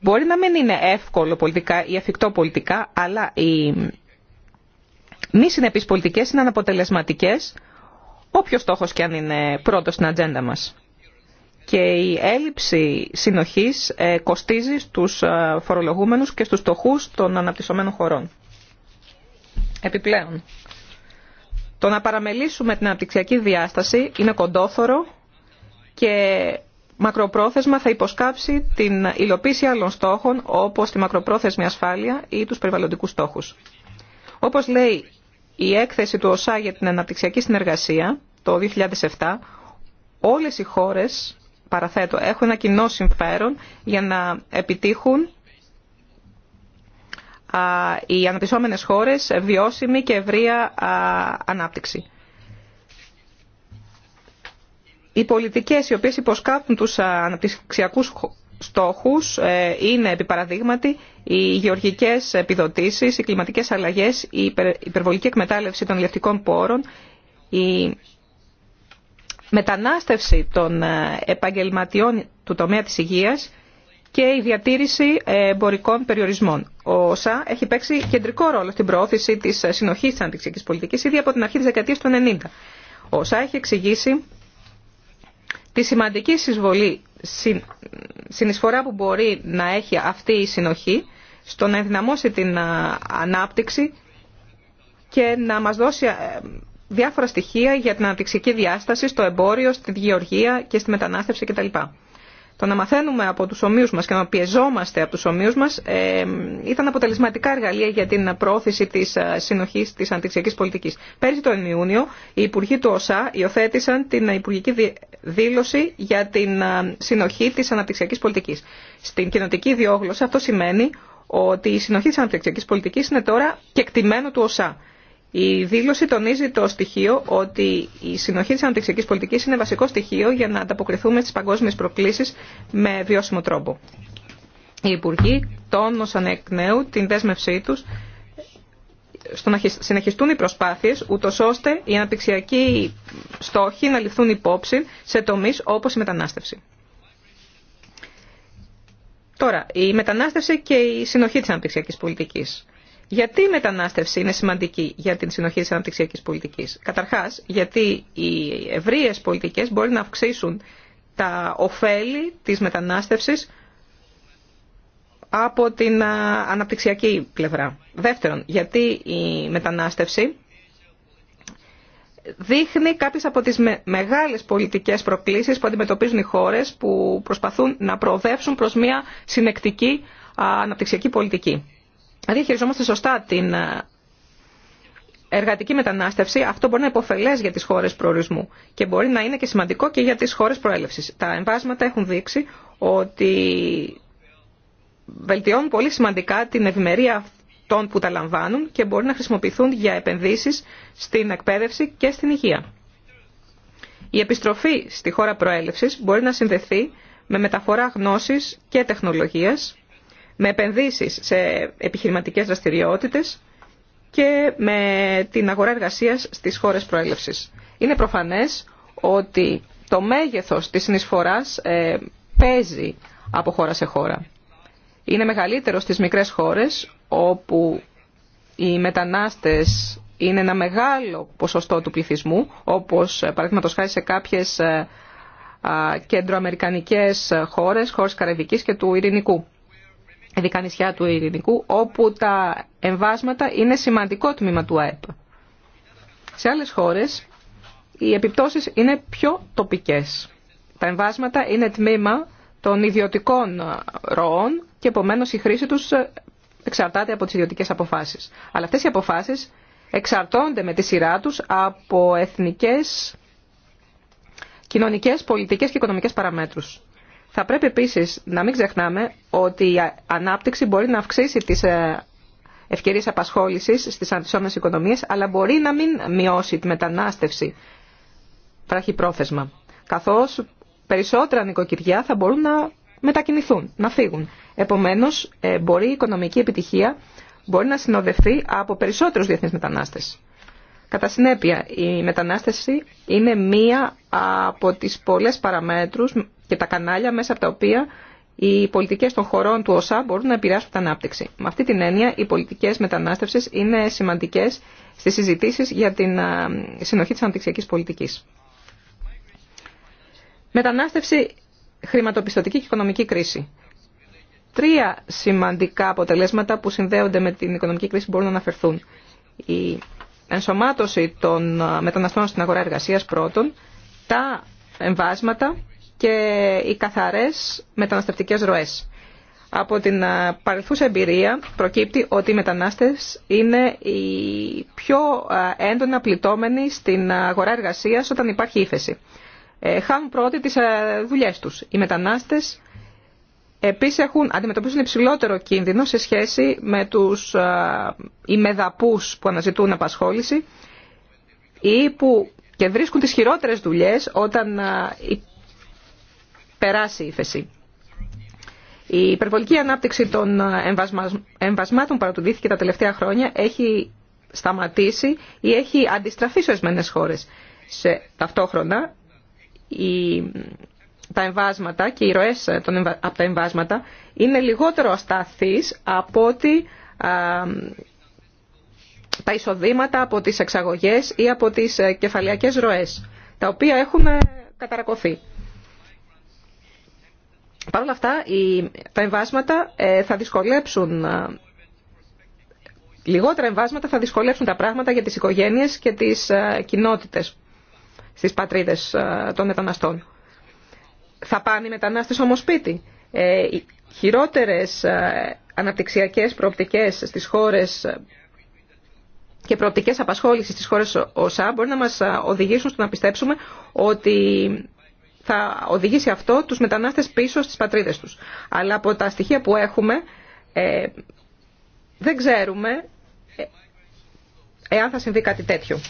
S3: μπορεί να μην είναι εύκολο πολιτικά ή εφικτό πολιτικά, αλλά οι μη συνεπείς πολιτικές είναι αναποτελεσματικές όποιος στόχος και αν είναι πρώτος στην ατζέντα μας και η έλλειψη συνοχής ε, κοστίζει στους ε, φορολογούμενους και στους στοχούς των αναπτυσσομένων χωρών. Επιπλέον, το να παραμελήσουμε την αναπτυξιακή διάσταση είναι κοντόθωρο και μακροπρόθεσμα θα υποσκάψει την υλοποίηση άλλων στόχων όπως τη μακροπρόθεσμη ασφάλεια ή τους περιβαλλοντικούς στόχους. Όπως λέει η έκθεση του ΟΣΑ για την αναπτυξιακή συνεργασία το 2007, όλες οι χώρες παραθέτω, έχουν ένα κοινό συμφέρον για να επιτύχουν οι αναπτυσσόμενες χώρες βιώσιμη και ευρεία ανάπτυξη. Οι πολιτικές οι οποίες υποσκάπτουν τους αναπτυξιακούς στόχους ε, είναι επί παραδείγματι οι γεωργικές επιδοτήσεις, οι κλιματικές αλλαγές, η υπερβολική εκμετάλλευση των λευτικών πόρων, η μετανάστευση των ε, επαγγελματιών του τομέα της υγείας και η διατήρηση ε, εμπορικών περιορισμών. Ο ΩΣΑ έχει παίξει κεντρικό ρόλο στην προώθηση της συνοχής της αντιξιακής πολιτικής ήδη από την αρχή της δεκαετίας του 1990. Ο ΩΣΑ έχει εξηγήσει τη σημαντική συσβολή, συνεισφορά που μπορεί να έχει αυτή η συνοχή στο να ενδυναμώσει την ε, ανάπτυξη και να μας δώσει διάφορα στοιχεία για την αναπτυξιακή διάσταση στο εμπόριο, στη γεωργία και στη μετανάστευση κτλ. Το να μαθαίνουμε από του ομοίου μα και να πιεζόμαστε από του ομοίου μα ε, ήταν αποτελεσματικά εργαλεία για την πρόθεση τη ε, συνοχή τη αντιξιακή πολιτική. Πέρυσι τον Ιούνιο οι Υπουργοί του ΟΣΑ υιοθέτησαν την Υπουργική Δήλωση για την ε, συνοχή τη αναπτυξιακή πολιτική. Στην κοινοτική διόγλωση αυτό σημαίνει ότι η συνοχή τη αναπτυξιακή πολιτική είναι τώρα κεκτημένο του ΟΣΑ. Η δήλωση τονίζει το στοιχείο ότι η συνοχή της αναπτυξιακή πολιτικής είναι βασικό στοιχείο για να ανταποκριθούμε στις παγκόσμιες προκλήσεις με βιώσιμο τρόπο. Οι Υπουργοί τόνωσαν εκ νέου την δέσμευσή τους στο να συνεχιστούν οι προσπάθειες ούτω ώστε οι αναπτυξιακοί στόχοι να ληφθούν υπόψη σε τομείς όπως η μετανάστευση. Τώρα, η μετανάστευση και η συνοχή της αναπτυξιακής πολιτικής. Γιατί η μετανάστευση είναι σημαντική για την συνοχή τη αναπτυξιακή πολιτική. Καταρχάς, γιατί οι ευρείε πολιτικές μπορεί να αυξήσουν τα ωφέλη της μετανάστευσης από την αναπτυξιακή πλευρά. Δεύτερον, γιατί η μετανάστευση δείχνει κάποιες από τις μεγάλες πολιτικές προκλήσεις που αντιμετωπίζουν οι χώρες που προσπαθούν να προοδεύσουν προς μια συνεκτική αναπτυξιακή πολιτική αν διαχειριζόμαστε σωστά την ε, εργατική μετανάστευση, αυτό μπορεί να είναι υποφελέ για τι χώρε προορισμού και μπορεί να είναι και σημαντικό και για τι χώρε προέλευση. Τα εμβάσματα έχουν δείξει ότι βελτιώνουν πολύ σημαντικά την ευημερία αυτών που τα λαμβάνουν και μπορεί να χρησιμοποιηθούν για επενδύσει στην εκπαίδευση και στην υγεία. Η επιστροφή στη χώρα προέλευση μπορεί να συνδεθεί με μεταφορά γνώσης και τεχνολογίας με επενδύσεις σε επιχειρηματικές δραστηριότητες και με την αγορά εργασίας στις χώρες προέλευσης. Είναι προφανές ότι το μέγεθος της συνεισφοράς ε, παίζει από χώρα σε χώρα. Είναι μεγαλύτερο στις μικρές χώρες όπου οι μετανάστες είναι ένα μεγάλο ποσοστό του πληθυσμού, όπως ε, παραδείγματος χάρη σε κάποιες ε, κεντροαμερικανικές χώρες, χώρες Καραϊβικής και του Ειρηνικού ειδικά νησιά του Ειρηνικού, όπου τα εμβάσματα είναι σημαντικό τμήμα του ΑΕΠ. Σε άλλες χώρες οι επιπτώσεις είναι πιο τοπικές. Τα εμβάσματα είναι τμήμα των ιδιωτικών ροών και επομένω η χρήση τους εξαρτάται από τις ιδιωτικές αποφάσεις. Αλλά αυτές οι αποφάσεις εξαρτώνται με τη σειρά τους από εθνικές, κοινωνικές, πολιτικές και οικονομικές παραμέτρους. Θα πρέπει επίσης να μην ξεχνάμε ότι η ανάπτυξη μπορεί να αυξήσει τις ε, ευκαιρίες απασχόλησης στις αντισόμενες οικονομίες, αλλά μπορεί να μην μειώσει τη μετανάστευση βραχυπρόθεσμα, καθώς περισσότερα νοικοκυριά θα μπορούν να μετακινηθούν, να φύγουν. Επομένως, ε, μπορεί η οικονομική επιτυχία μπορεί να συνοδευτεί από περισσότερους διεθνείς μετανάστες. Κατά συνέπεια, η μετανάστευση είναι μία από τις πολλές παραμέτρους και τα κανάλια μέσα από τα οποία οι πολιτικές των χωρών του ΩΣΑ μπορούν να επηρεάσουν την ανάπτυξη. Με αυτή την έννοια, οι πολιτικές μετανάστευσης είναι σημαντικές στις συζητήσεις για την συνοχή της αναπτυξιακής πολιτικής. Μετανάστευση, χρηματοπιστωτική και οικονομική κρίση. Τρία σημαντικά αποτελέσματα που συνδέονται με την οικονομική κρίση μπορούν να αναφερθούν. Η ενσωμάτωση των μεταναστών στην αγορά εργασίας πρώτον, τα εμβάσματα και οι καθαρές μεταναστευτικές ροές. Από την ε, παρελθούσα εμπειρία προκύπτει ότι οι μετανάστες είναι οι πιο ε, έντονα πληττόμενοι στην αγορά εργασίας όταν υπάρχει ύφεση. Ε, χάνουν πρώτοι τις δουλειές τους. Οι μετανάστες επίσης έχουν, αντιμετωπίζουν υψηλότερο κίνδυνο σε σχέση με τους ημεδαπούς που αναζητούν απασχόληση ή που και βρίσκουν τις χειρότερες δουλειές όταν περάσει η ύφεση. Η υπερβολική ανάπτυξη των εμβασμάτων που παρατηρήθηκε τα τελευταία χρόνια έχει σταματήσει ή έχει αντιστραφεί σε ορισμένε χώρε. ταυτόχρονα, η, τα εμβάσματα και οι ροέ από τα εμβάσματα είναι λιγότερο ασταθεί από ότι τα εισοδήματα από τις εξαγωγές ή από τις ε, κεφαλιακές ροές, τα οποία έχουν ε, καταρακωθεί. Παρ' όλα αυτά, τα εμβάσματα ε, θα δυσκολέψουν ε, λιγότερα εμβάσματα θα δυσκολέψουν τα πράγματα για τις οικογένειες και τις ε, κοινότητες στις πατρίδες των μεταναστών. Θα πάνε οι μετανάστες όμως σπίτι. Οι χειρότερες αναπτυξιακές προοπτικές στις χώρες και προοπτικές απασχόλησης στις χώρες ΟΣΑ μπορεί να μας οδηγήσουν στο να πιστέψουμε ότι θα οδηγήσει αυτό τους μετανάστες πίσω στις πατρίδες τους. Αλλά από τα στοιχεία που έχουμε ε, δεν ξέρουμε ε, εάν θα συμβεί κάτι τέτοιο.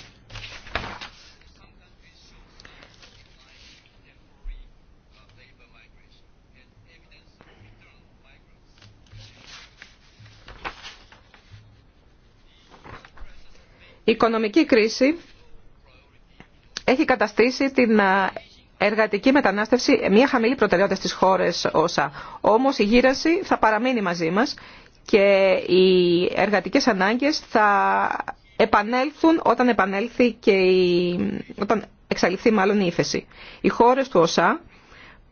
S3: Η οικονομική κρίση έχει καταστήσει την ε, εργατική μετανάστευση μια χαμηλή προτεραιότητα στις χώρες όσα. Όμως η γύραση θα παραμείνει μαζί μας και οι εργατικές ανάγκες θα επανέλθουν όταν επανέλθει και όταν εξαλειφθεί μάλλον η ύφεση. Οι χώρες του ΩΣΑ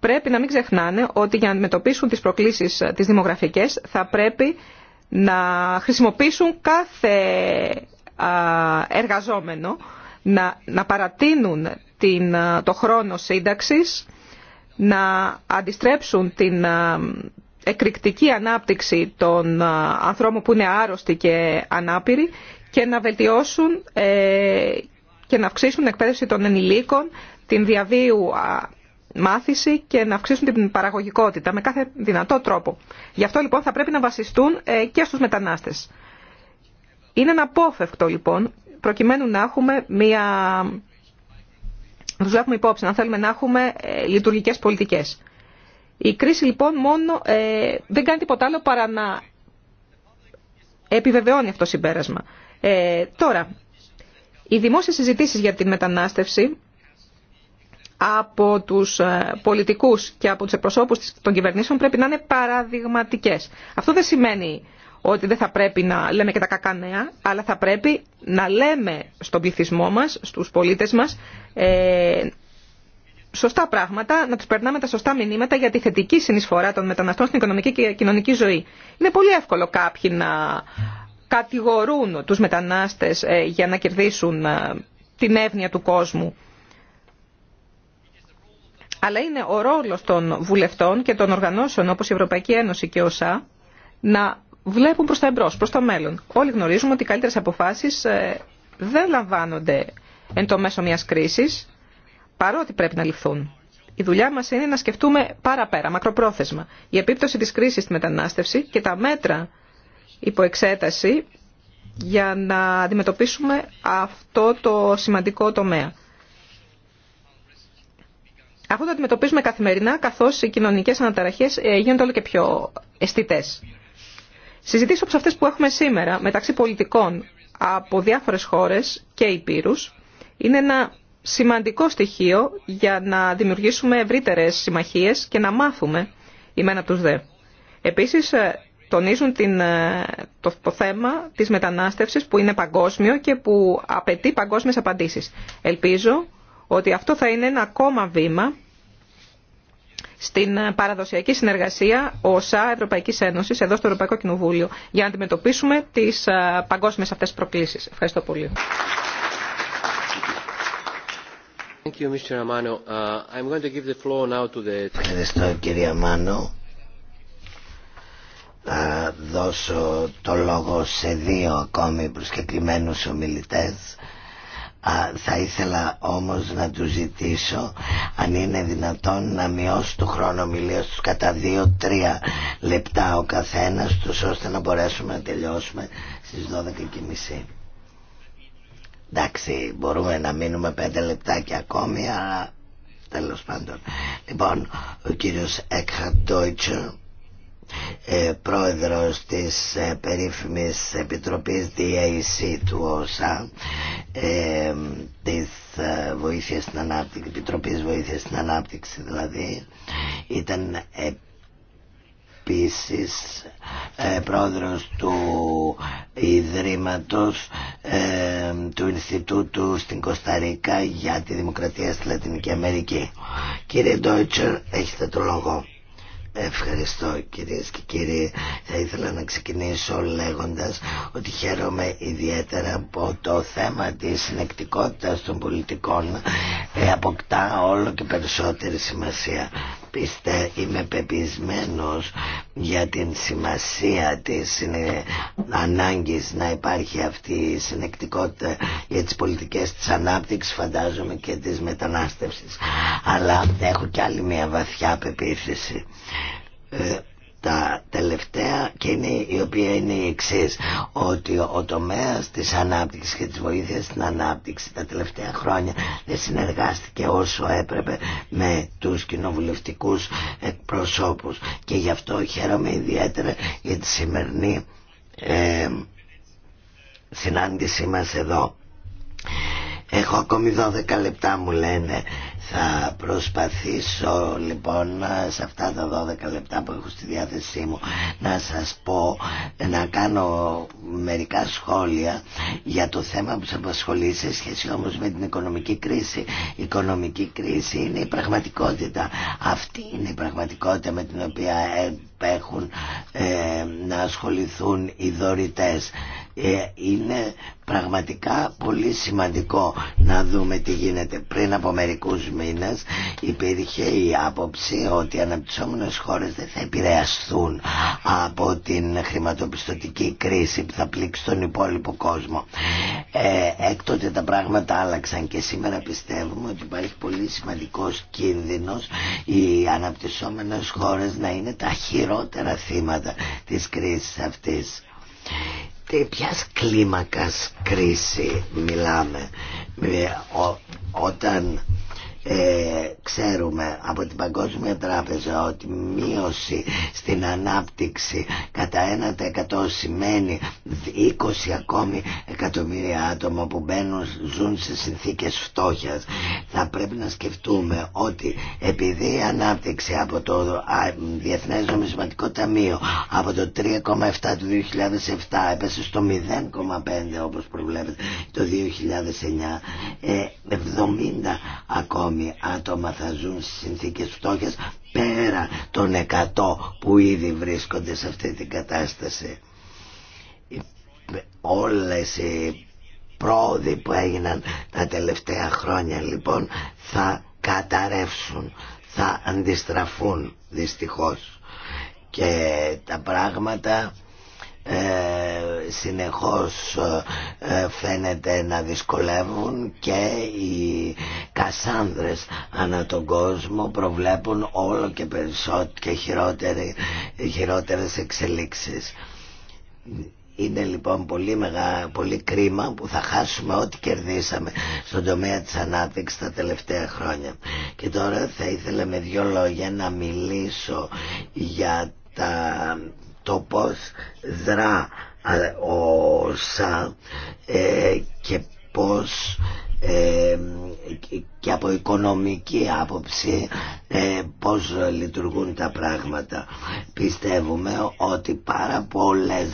S3: πρέπει να μην ξεχνάνε ότι για να αντιμετωπίσουν τις προκλήσεις ε, τις δημογραφικές θα πρέπει να χρησιμοποιήσουν κάθε εργαζόμενο να, να παρατείνουν την, ε, το χρόνο σύνταξης, να αντιστρέψουν την ε, εκρηκτική ανάπτυξη των ε, ανθρώπων που είναι άρρωστοι και ανάπηροι και να βελτιώσουν και να αυξήσουν την εκπαίδευση των ενηλίκων, την διαβίου μάθηση και να αυξήσουν την παραγωγικότητα με κάθε δυνατό τρόπο. Γι' αυτό λοιπόν θα πρέπει να βασιστούν και στους μετανάστες. Είναι αναπόφευκτο λοιπόν προκειμένου να έχουμε μία... Να τους έχουμε υπόψη, να θέλουμε να έχουμε ε, λειτουργικές πολιτικές. Η κρίση λοιπόν μόνο ε, δεν κάνει τίποτα άλλο παρά να επιβεβαιώνει αυτό το συμπέρασμα. Ε, τώρα, οι δημόσιες συζητήσεις για την μετανάστευση από τους πολιτικούς και από τους εκπροσώπους των κυβερνήσεων πρέπει να είναι παραδειγματικές. Αυτό δεν σημαίνει ότι δεν θα πρέπει να λέμε και τα κακά νέα, αλλά θα πρέπει να λέμε στον πληθυσμό μας, στους πολίτες μας, ε, σωστά πράγματα, να τους περνάμε τα σωστά μηνύματα για τη θετική συνεισφορά των μεταναστών στην οικονομική και κοινωνική ζωή. Είναι πολύ εύκολο κάποιοι να κατηγορούν τους μετανάστες ε, για να κερδίσουν ε, την εύνοια του κόσμου. Αλλά είναι ο ρόλος των βουλευτών και των οργανώσεων όπως η Ευρωπαϊκή Ένωση και ο ΣΑ να βλέπουν προς τα εμπρός, προς το μέλλον. Όλοι γνωρίζουμε ότι οι καλύτερες αποφάσεις ε, δεν λαμβάνονται εν το μέσο μιας κρίσης, παρότι πρέπει να ληφθούν. Η δουλειά μας είναι να σκεφτούμε παραπέρα, μακροπρόθεσμα, η επίπτωση της κρίσης στη μετανάστευση και τα μέτρα υποεξέταση για να αντιμετωπίσουμε αυτό το σημαντικό τομέα. Αυτό το αντιμετωπίζουμε καθημερινά, καθώς οι κοινωνικές αναταραχές ε, γίνονται όλο και πιο αισθητέ. Συζητήσει όπως αυτές που έχουμε σήμερα μεταξύ πολιτικών από διάφορες χώρες και υπήρους είναι ένα σημαντικό στοιχείο για να δημιουργήσουμε ευρύτερε συμμαχίες και να μάθουμε η μένα τους δε. Επίσης ε, τονίζουν την, ε, το, το, θέμα της μετανάστευσης που είναι παγκόσμιο και που απαιτεί παγκόσμιες απαντήσεις. Ελπίζω ότι αυτό θα είναι ένα ακόμα βήμα στην παραδοσιακή συνεργασία ΩΣΑ Ευρωπαϊκή Ένωση εδώ στο Ευρωπαϊκό Κοινοβούλιο για να αντιμετωπίσουμε τι παγκόσμιε αυτέ προκλήσει. Ευχαριστώ πολύ.
S1: Ευχαριστώ κύριε Αμάνο. Θα δώσω το λόγο σε δύο ακόμη προσκεκλημένους ομιλητές θα ήθελα όμως να του ζητήσω αν είναι δυνατόν να μειώσει το χρόνο ομιλίας τους κατα δυο δύο-τρία λεπτά ο καθένας τους ώστε να μπορέσουμε να τελειώσουμε στις 12.30. Εντάξει, μπορούμε να μείνουμε λεπτά λεπτάκια ακόμη, αλλά τέλος πάντων. Λοιπόν, ο κύριος Εκχατόιτσερ ε, πρόεδρος της ε, περίφημης επιτροπής DAC του ΩΣΑ ε, της ε, βοήθειας στην ανάπτυξη επιτροπής βοήθειας στην ανάπτυξη δηλαδή ήταν επίσης πρόεδρος του Ιδρύματος του Ινστιτούτου στην Κωνσταντίνα για τη Δημοκρατία στη Λατινική Αμερική. Κύριε Ντόιτσερ, έχετε το λόγο. Ευχαριστώ κυρίες και κύριοι. Θα ήθελα να ξεκινήσω λέγοντας ότι χαίρομαι ιδιαίτερα από το θέμα της συνεκτικότητας των πολιτικών ε, αποκτά όλο και περισσότερη σημασία πιστε, είμαι πεπισμένος για την σημασία της ανάγκη να υπάρχει αυτή η συνεκτικότητα για τις πολιτικές της ανάπτυξης φαντάζομαι και της μετανάστευσης αλλά έχω και άλλη μια βαθιά πεποίθηση ε, τα τελευταία και είναι, η οποία είναι η εξή ότι ο τομέας της ανάπτυξης και της βοήθειας στην ανάπτυξη τα τελευταία χρόνια δεν συνεργάστηκε όσο έπρεπε με τους κοινοβουλευτικούς εκπροσώπους και γι' αυτό χαίρομαι ιδιαίτερα για τη σημερινή ε, συνάντησή μας εδώ. Έχω ακόμη 12 λεπτά μου λένε. Θα προσπαθήσω λοιπόν σε αυτά τα 12 λεπτά που έχω στη διάθεσή μου να σας πω, να κάνω μερικά σχόλια για το θέμα που σας απασχολεί σε σχέση όμως με την οικονομική κρίση. Η οικονομική κρίση είναι η πραγματικότητα. Αυτή είναι η πραγματικότητα με την οποία έχουν ε, να ασχοληθούν οι δωρητές. Ε, είναι πραγματικά πολύ σημαντικό να δούμε τι γίνεται. Πριν από μερικούς μήνες υπήρχε η άποψη ότι οι αναπτυσσόμενες χώρες δεν θα επηρεαστούν από την χρηματοπιστωτική κρίση που θα πλήξει τον υπόλοιπο κόσμο. Ε, έκτοτε τα πράγματα άλλαξαν και σήμερα πιστεύουμε ότι υπάρχει πολύ σημαντικός κίνδυνος οι αναπτυσσόμενες χώρες να είναι τα χειρότερα θύματα της κρίσης αυτής. Τι ποιας κλίμακας κρίση μιλάμε με, ό, όταν ε, ξέρουμε από την Παγκόσμια Τράπεζα ότι μείωση στην ανάπτυξη κατά 1% σημαίνει 20 ακόμη εκατομμύρια άτομα που μπαίνουν, ζουν σε συνθήκες φτώχειας θα πρέπει να σκεφτούμε ότι επειδή η ανάπτυξη από το Διεθνές Νομισματικό Ταμείο από το 3,7 του 2007 έπεσε στο 0,5 όπως προβλέπετε το 2009 70 ε, ακόμη ακόμη άτομα θα ζουν στις συνθήκες φτώχειας πέρα των 100 που ήδη βρίσκονται σε αυτή την κατάσταση. Όλες οι πρόοδοι που έγιναν τα τελευταία χρόνια λοιπόν θα καταρρεύσουν, θα αντιστραφούν δυστυχώς και τα πράγματα ε, συνεχώς ε, φαίνεται να δυσκολεύουν και οι κασάνδρες ανά τον κόσμο προβλέπουν όλο και περισσότερο και χειρότερη, χειρότερες εξελίξεις. Είναι λοιπόν πολύ, μεγά, πολύ κρίμα που θα χάσουμε ό,τι κερδίσαμε στον τομέα της ανάπτυξης τα τελευταία χρόνια. Και τώρα θα ήθελα με δύο λόγια να μιλήσω για τα το πώς δρά ο ΣΑ ε, και πώς ε, και από οικονομική άποψη ε, πώς λειτουργούν τα πράγματα. Πιστεύουμε ότι πάρα πολλές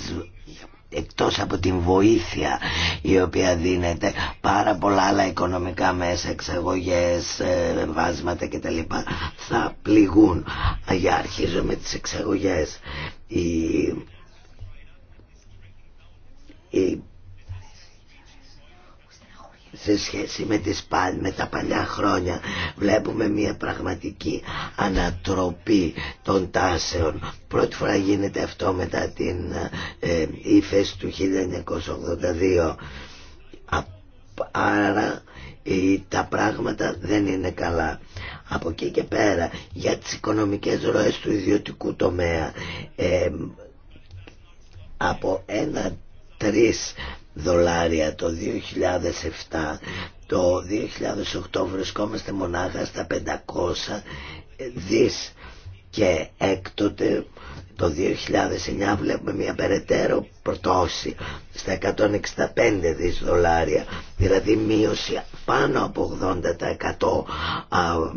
S1: εκτός από την βοήθεια η οποία δίνεται πάρα πολλά άλλα οικονομικά μέσα εξαγωγές, ε, βάσματα κτλ θα πληγούν για αρχίζω με τις εξαγωγές σε σχέση με, τις, με τα παλιά χρόνια βλέπουμε μια πραγματική ανατροπή των τάσεων πρώτη φορά γίνεται αυτό μετά την ε, ε ύφεση του 1982 άρα ε, τα πράγματα δεν είναι καλά από εκεί και πέρα για τις οικονομικές ροές του ιδιωτικού τομέα ε, από ένα δολάρια το 2007 το 2008 βρισκόμαστε μονάχα στα 500 δις και έκτοτε το 2009 βλέπουμε μια περαιτέρω πρωτόση στα 165 δις δολάρια δηλαδή μείωση πάνω από 80%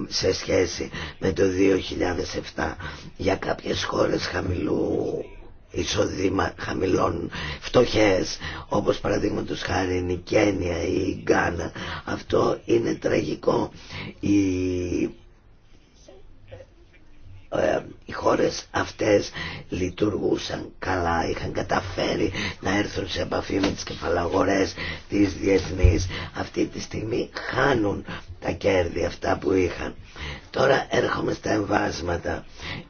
S1: σε σχέση με το 2007 για κάποιες χώρες χαμηλού εισοδήμα χαμηλών φτωχές όπως παραδείγματος χάρη είναι η Κένια ή η Γκάνα αυτό είναι τραγικό η ε, οι χώρες αυτές λειτουργούσαν καλά, είχαν καταφέρει να έρθουν σε επαφή με τις κεφαλαγορές της διεθνής. Αυτή τη στιγμή χάνουν τα κέρδη αυτά που είχαν. Τώρα έρχομαι στα εμβάσματα,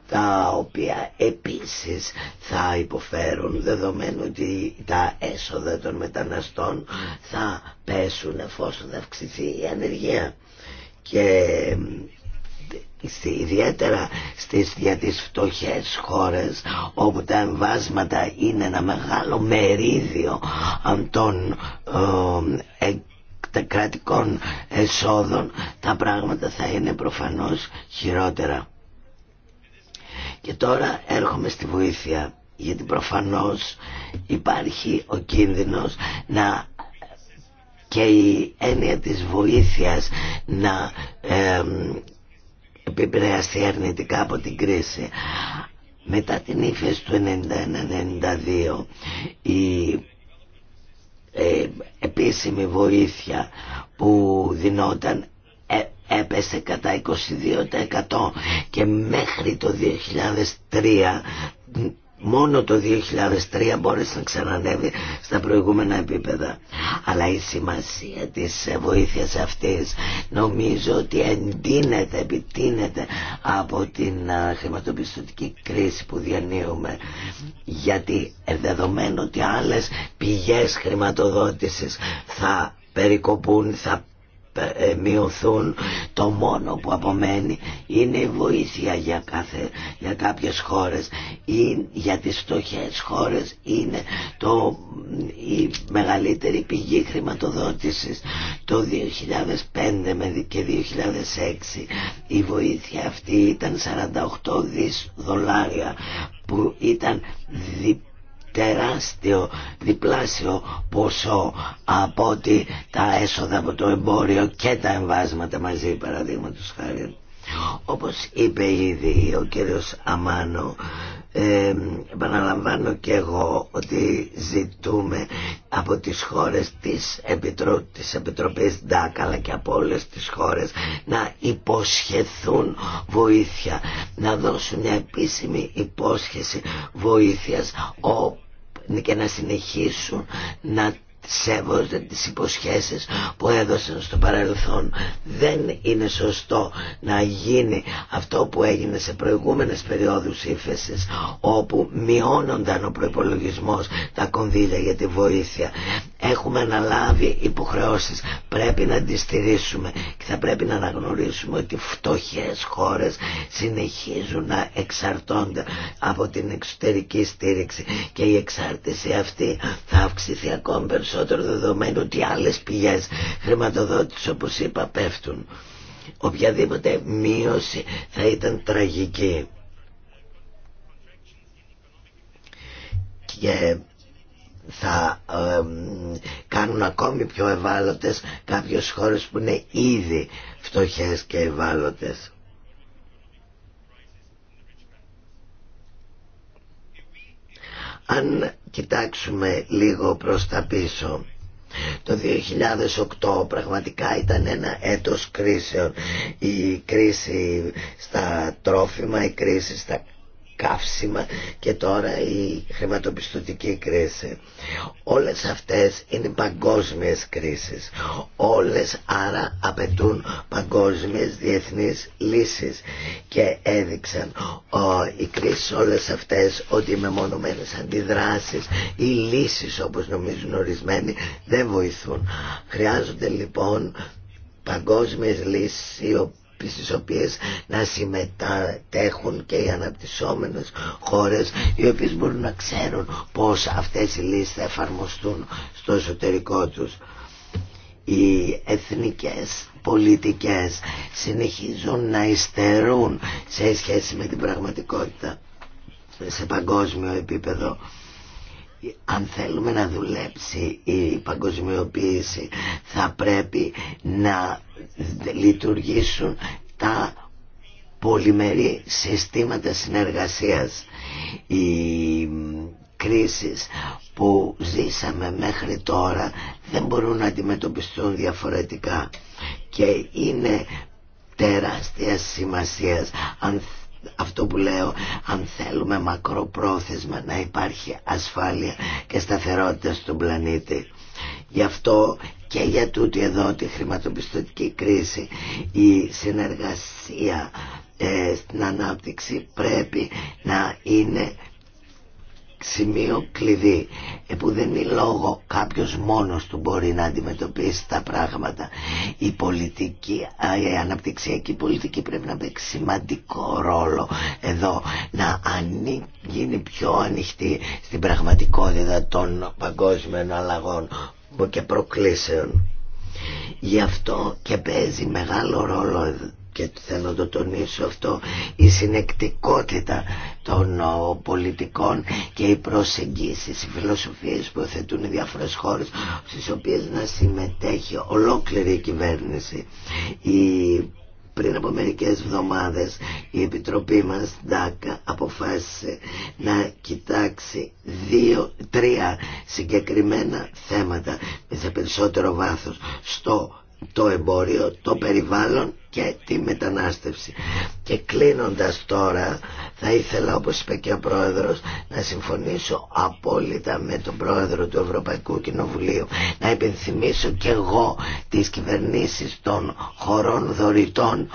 S1: τα οποία επίσης θα υποφέρουν, δεδομένου ότι τα έσοδα των μεταναστών θα πέσουν εφόσον θα αυξηθεί η ανεργία. Και ιδιαίτερα στις για τις φτωχές χώρες όπου τα εμβάσματα είναι ένα μεγάλο μερίδιο των ε, κρατικών εσόδων τα πράγματα θα είναι προφανώς χειρότερα και τώρα έρχομαι στη βοήθεια γιατί προφανώς υπάρχει ο κίνδυνος να και η έννοια της βοήθειας να Επιπρέαστη αρνητικά από την κρίση. Μετά την ύφεση του 1991-1992 η ε, επίσημη βοήθεια που δινόταν ε, έπεσε κατά 22% και μέχρι το 2003 Μόνο το 2003 μπόρεσε να ξανανεύει στα προηγούμενα επίπεδα. Αλλά η σημασία της βοήθειας αυτής νομίζω ότι εντείνεται, επιτείνεται από την χρηματοπιστωτική κρίση που διανύουμε. Γιατί ε, δεδομένου ότι άλλες πηγές χρηματοδότησης θα περικοπούν, θα ε, ε, μειωθούν το μόνο που απομένει είναι η βοήθεια για, κάθε, για κάποιες χώρες ή για τις φτωχές χώρες είναι το, η μεγαλύτερη πηγή χρηματοδότησης το 2005 και 2006 η βοήθεια αυτή ήταν 48 δις δολάρια που ήταν διπλή τεράστιο διπλάσιο ποσό από ότι τα έσοδα από το εμπόριο και τα εμβάσματα μαζί παραδείγματος χάρη. Όπως είπε ήδη ο κύριος Αμάνο, ε, επαναλαμβάνω και εγώ ότι ζητούμε από τις χώρες της, Επιτρο... της Επιτροπής ΝΤΑΚ και από όλες τις χώρες να υποσχεθούν βοήθεια, να δώσουν μια επίσημη υπόσχεση βοήθειας. Ο ναι, και να συνεχίσουν να σέβονται τις υποσχέσεις που έδωσαν στο παρελθόν δεν είναι σωστό να γίνει αυτό που έγινε σε προηγούμενες περιόδους ύφεση, όπου μειώνονταν ο προϋπολογισμός τα κονδύλια για τη βοήθεια έχουμε αναλάβει υποχρεώσεις πρέπει να αντιστηρίσουμε και θα πρέπει να αναγνωρίσουμε ότι φτωχές χώρες συνεχίζουν να εξαρτώνται από την εξωτερική στήριξη και η εξάρτηση αυτή θα αυξηθεί ακόμη περισσότερο δεδομένου ότι άλλες πηγές χρηματοδότηση όπως είπα πέφτουν. Οποιαδήποτε μείωση θα ήταν τραγική. Και θα κάνουν ακόμη πιο ευάλωτες κάποιες χώρες που είναι ήδη φτωχές και ευάλωτες. Αν κοιτάξουμε λίγο προς τα πίσω, το 2008 πραγματικά ήταν ένα έτος κρίσεων. Η κρίση στα τρόφιμα, η κρίση στα καύσιμα και τώρα η χρηματοπιστωτική κρίση. Όλες αυτές είναι παγκόσμιες κρίσεις. Όλες άρα απαιτούν παγκόσμιες διεθνείς λύσεις και έδειξαν ο, οι κρίσεις όλες αυτές ότι οι μεμονωμένες αντιδράσεις ή λύσεις όπως νομίζουν ορισμένοι δεν βοηθούν. Χρειάζονται λοιπόν παγκόσμιες λύσεις οι στις οποίες να συμμετέχουν και οι αναπτυσσόμενες χώρες οι οποίες μπορούν να ξέρουν πώς αυτές οι λύσεις θα εφαρμοστούν στο εσωτερικό τους. Οι εθνικές πολιτικές συνεχίζουν να υστερούν σε σχέση με την πραγματικότητα σε παγκόσμιο επίπεδο αν θέλουμε να δουλέψει η παγκοσμιοποίηση θα πρέπει να λειτουργήσουν τα πολυμερή συστήματα συνεργασίας. Οι κρίσεις που ζήσαμε μέχρι τώρα δεν μπορούν να αντιμετωπιστούν διαφορετικά και είναι τεράστια σημασία αν αυτό που λέω αν θέλουμε μακροπρόθεσμα να υπάρχει ασφάλεια και σταθερότητα στον πλανήτη γι' αυτό και για τούτη εδώ τη χρηματοπιστωτική κρίση η συνεργασία ε, στην ανάπτυξη πρέπει να είναι σημείο κλειδί που δεν είναι λόγο κάποιος μόνος του μπορεί να αντιμετωπίσει τα πράγματα η πολιτική η αναπτυξιακή πολιτική πρέπει να παίξει σημαντικό ρόλο εδώ να ανοί, γίνει πιο ανοιχτή στην πραγματικότητα των παγκόσμιων αλλαγών και προκλήσεων γι' αυτό και παίζει μεγάλο ρόλο και θέλω να το τονίσω αυτό η συνεκτικότητα των πολιτικών και οι προσεγγίσεις, οι φιλοσοφίες που θέτουν οι διάφορες χώρες στις οποίες να συμμετέχει ολόκληρη η κυβέρνηση. Η πριν από μερικές εβδομάδε η Επιτροπή μας ΝΤΑΚΑ αποφάσισε να κοιτάξει δύο, τρία συγκεκριμένα θέματα με σε περισσότερο βάθος στο το εμπόριο, το περιβάλλον και τη μετανάστευση. Και κλείνοντας τώρα θα ήθελα όπως είπε και ο Πρόεδρος να συμφωνήσω απόλυτα με τον Πρόεδρο του Ευρωπαϊκού Κοινοβουλίου να υπενθυμίσω και εγώ τις κυβερνήσεις των χωρών δωρητών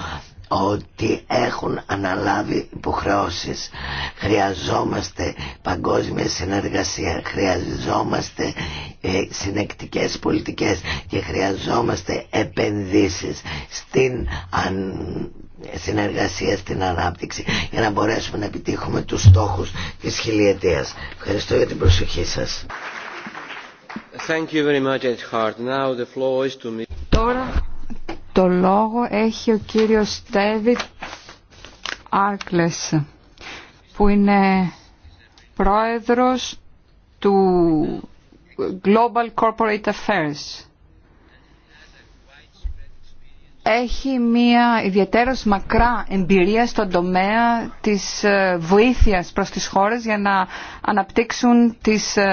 S1: ότι έχουν αναλάβει υποχρεώσεις. Χρειαζόμαστε παγκόσμια συνεργασία, χρειαζόμαστε ε, συνεκτικές πολιτικές και χρειαζόμαστε επενδύσεις στην συνεργασία, στην ανάπτυξη για να μπορέσουμε να επιτύχουμε τους στόχους της χιλιετίας. Ευχαριστώ για την προσοχή σας.
S3: Thank you very much, Now the floor
S1: Τώρα το λόγο
S2: έχει ο κύριος David Arkless που είναι πρόεδρος του Global Corporate Affairs έχει μία ιδιαίτερως μακρά εμπειρία στον τομέα της ε, βοήθειας προς τις χώρες για να αναπτύξουν τις ε,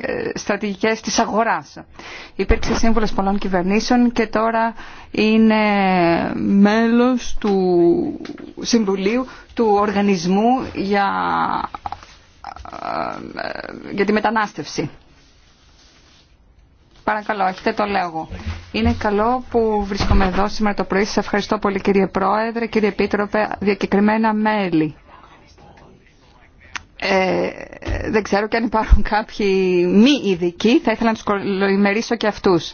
S2: ε, στρατηγικές της αγοράς. Υπήρξε σύμβουλος πολλών κυβερνήσεων και τώρα είναι μέλος του Συμβουλίου του Οργανισμού για, για τη Μετανάστευση. Παρακαλώ, έχετε το λόγο. Είναι καλό που βρίσκομαι εδώ σήμερα το πρωί. Σα ευχαριστώ πολύ κύριε Πρόεδρε, κύριε Επίτροπε, διακεκριμένα μέλη. Ε, δεν ξέρω και αν υπάρχουν κάποιοι μη ειδικοί, θα ήθελα να τους κολοημερίσω και αυτούς.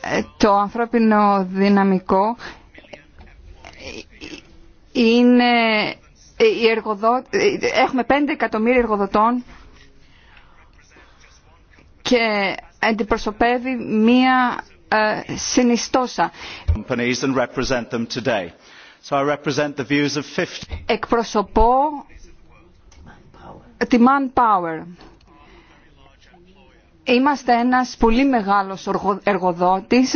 S2: Ε, το ανθρώπινο δυναμικό είναι ε, οι εργοδο... Ε, έχουμε 5 εκατομμύρια εργοδοτών και αντιπροσωπεύει μία ε, συνιστόσα. Εκπροσωπώ τη Manpower. Είμαστε ένας πολύ μεγάλος εργοδότης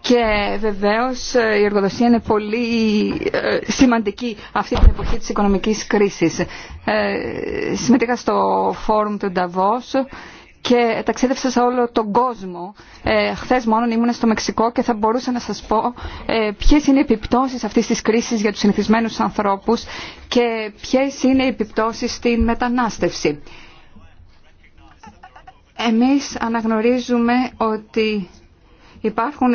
S2: και βεβαίως ε, η εργοδοσία είναι πολύ ε, σημαντική αυτή την εποχή της οικονομικής κρίσης. συμμετείχα στο φόρουμ του Νταβός και ταξίδευσα σε όλο τον κόσμο. Ε, Χθε μόνο ήμουν στο Μεξικό και θα μπορούσα να σας πω ε, ποιες είναι οι επιπτώσει αυτής της κρίσης για τους συνηθισμένου ανθρώπους και ποιε είναι οι επιπτώσει στην μετανάστευση. Εμείς αναγνωρίζουμε ότι υπάρχουν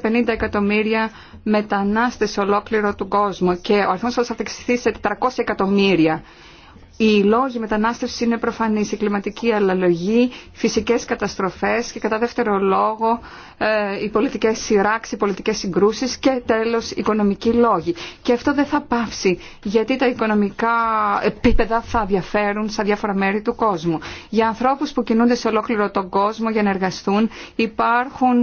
S2: 250 εκατομμύρια μετανάστες σε ολόκληρο του κόσμου και ο αριθμός θα αυξηθεί σε 400 εκατομμύρια. Οι λόγοι μετανάστευση είναι προφανής, η κλιματική αλλαγή, φυσικές καταστροφές και κατά δεύτερο λόγο ε, οι πολιτικές σειράξεις, οι πολιτικές συγκρούσεις και τέλος οικονομικοί λόγοι. Και αυτό δεν θα πάυσει γιατί τα οικονομικά επίπεδα θα διαφέρουν στα διάφορα μέρη του κόσμου. Για ανθρώπους που κινούνται σε ολόκληρο τον κόσμο για να εργαστούν υπάρχουν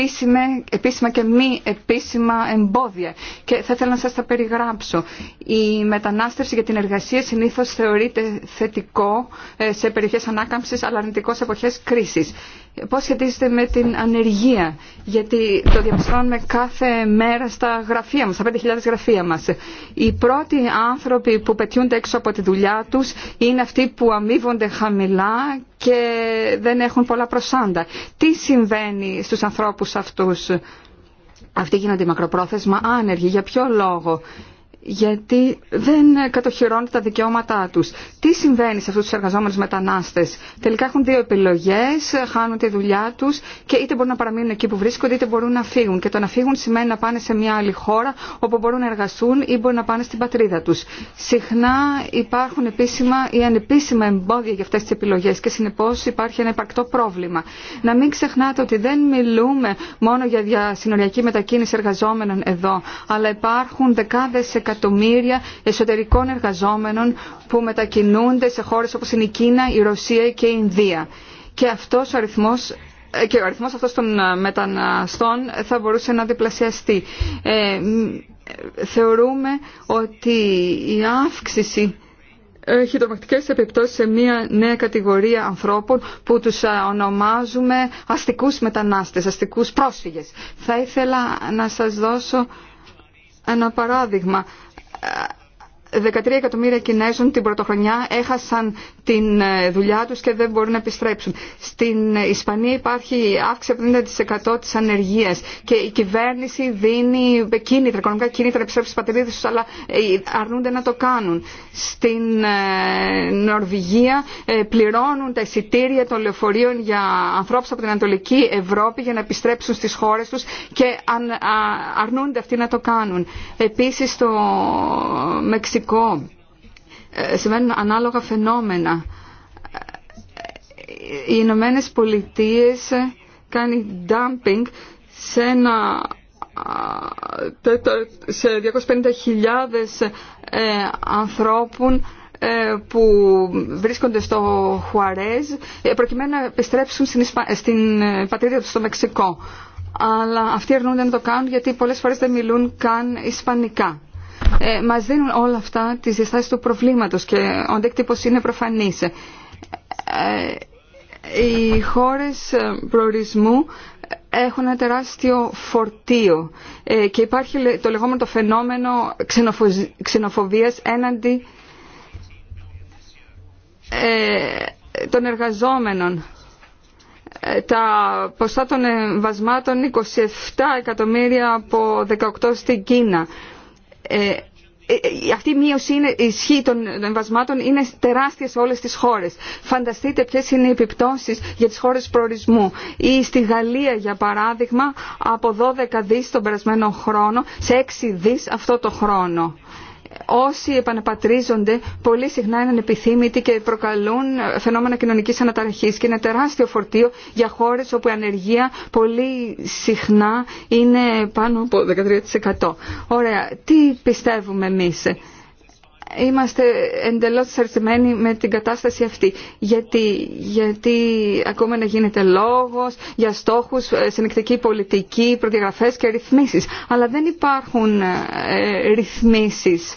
S2: επίσημα, επίσημα και μη επίσημα εμπόδια. Και θα ήθελα να σας τα περιγράψω. Η μετανάστευση για την εργασία συνήθως θεωρείται θετικό ε, σε περιοχές ανάκαμψης αλλά αρνητικό σε εποχές κρίσης πώς σχετίζεται με την ανεργία, γιατί το διαπιστώνουμε κάθε μέρα στα γραφεία μας, στα 5.000 γραφεία μας. Οι πρώτοι άνθρωποι που πετιούνται έξω από τη δουλειά τους είναι αυτοί που αμείβονται χαμηλά και δεν έχουν πολλά προσάντα. Τι συμβαίνει στους ανθρώπους αυτούς. Αυτοί γίνονται μακροπρόθεσμα άνεργοι. Για ποιο λόγο γιατί δεν κατοχυρώνουν τα δικαιώματά τους. Τι συμβαίνει σε αυτούς τους εργαζόμενους μετανάστες. Τελικά έχουν δύο επιλογές, χάνουν τη δουλειά τους και είτε μπορούν να παραμείνουν εκεί που βρίσκονται είτε μπορούν να φύγουν. Και το να φύγουν σημαίνει να πάνε σε μια άλλη χώρα όπου μπορούν να εργαστούν ή μπορούν να πάνε στην πατρίδα τους. Συχνά υπάρχουν επίσημα ή ανεπίσημα εμπόδια για αυτές τις επιλογές και συνεπώς υπάρχει ένα υπαρκτό πρόβλημα. Να μην ξεχνάτε ότι δεν μιλούμε μόνο για διασυνοριακή μετακίνηση εργαζόμενων εδώ, αλλά υπάρχουν δεκάδες εκατομμύρια εκατομμύρια εσωτερικών εργαζόμενων που μετακινούνται σε χώρες όπως είναι η Κίνα, η Ρωσία και η Ινδία. Και αυτός ο αριθμός ε, και ο αριθμός αυτός των ε, μεταναστών θα μπορούσε να διπλασιαστεί. Ε, θεωρούμε ότι η αύξηση έχει τρομακτικές επιπτώσεις σε μια νέα κατηγορία ανθρώπων που τους ε, ονομάζουμε αστικούς μετανάστες, αστικούς πρόσφυγες. Θα ήθελα να σας δώσω ένα παράδειγμα 13 εκατομμύρια Κινέζων την πρωτοχρονιά έχασαν την ε, δουλειά τους και δεν μπορούν να επιστρέψουν. Στην Ισπανία υπάρχει αύξηση 70% της ανεργίας και η κυβέρνηση δίνει κίνητρα, οικονομικά κίνητρα επιστρέψει στις πατρίδες τους, αλλά ε, αρνούνται να το κάνουν. Στην ε, Νορβηγία πληρώνουν τα εισιτήρια των λεωφορείων για ανθρώπους από την Ανατολική Ευρώπη για να επιστρέψουν στις χώρες τους και αρνούνται αυτοί να το κάνουν. Επίσης στο Μεξικό Σημαίνουν ε, Συμβαίνουν ανάλογα φαινόμενα. Ε, οι Ηνωμένε Πολιτείε κάνει dumping σε 250.000 ε, ανθρώπων που βρίσκονται στο Χουαρέζ προκειμένου να επιστρέψουν στην, Ισπα... πατρίδα του στο Μεξικό. Αλλά αυτοί αρνούνται να το κάνουν γιατί πολλές φορές δεν μιλούν καν Ισπανικά ε, μας δίνουν όλα αυτά τις διαστάσεις του προβλήματος και ο αντέκτυπος είναι προφανής. Ε, οι χώρες προορισμού έχουν ένα τεράστιο φορτίο ε, και υπάρχει το λεγόμενο το φαινόμενο ξενοφοβίας έναντι ε, των εργαζόμενων. Τα ποστά των εμβασμάτων 27 εκατομμύρια από 18 στην Κίνα. Ε, ε, αυτή η μείωση είναι, η ισχύ των εμβασμάτων είναι τεράστια σε όλες τις χώρες. Φανταστείτε ποιες είναι οι επιπτώσεις για τις χώρες προορισμού. Ή στη Γαλλία για παράδειγμα από 12 δις τον περασμένο χρόνο σε 6 δις αυτό το χρόνο όσοι επαναπατρίζονται πολύ συχνά είναι ανεπιθύμητοι και προκαλούν φαινόμενα κοινωνικής αναταραχής και είναι τεράστιο φορτίο για χώρες όπου η ανεργία πολύ συχνά είναι πάνω από 13%. Ωραία, τι πιστεύουμε εμείς. Είμαστε εντελώς εξαρτημένοι με την κατάσταση αυτή. Γιατί, γιατί ακόμα να γίνεται λόγος για στόχους, ε, συνεκτική πολιτική, προδιαγραφές και ρυθμίσεις. Αλλά δεν υπάρχουν ε, ρυθμίσεις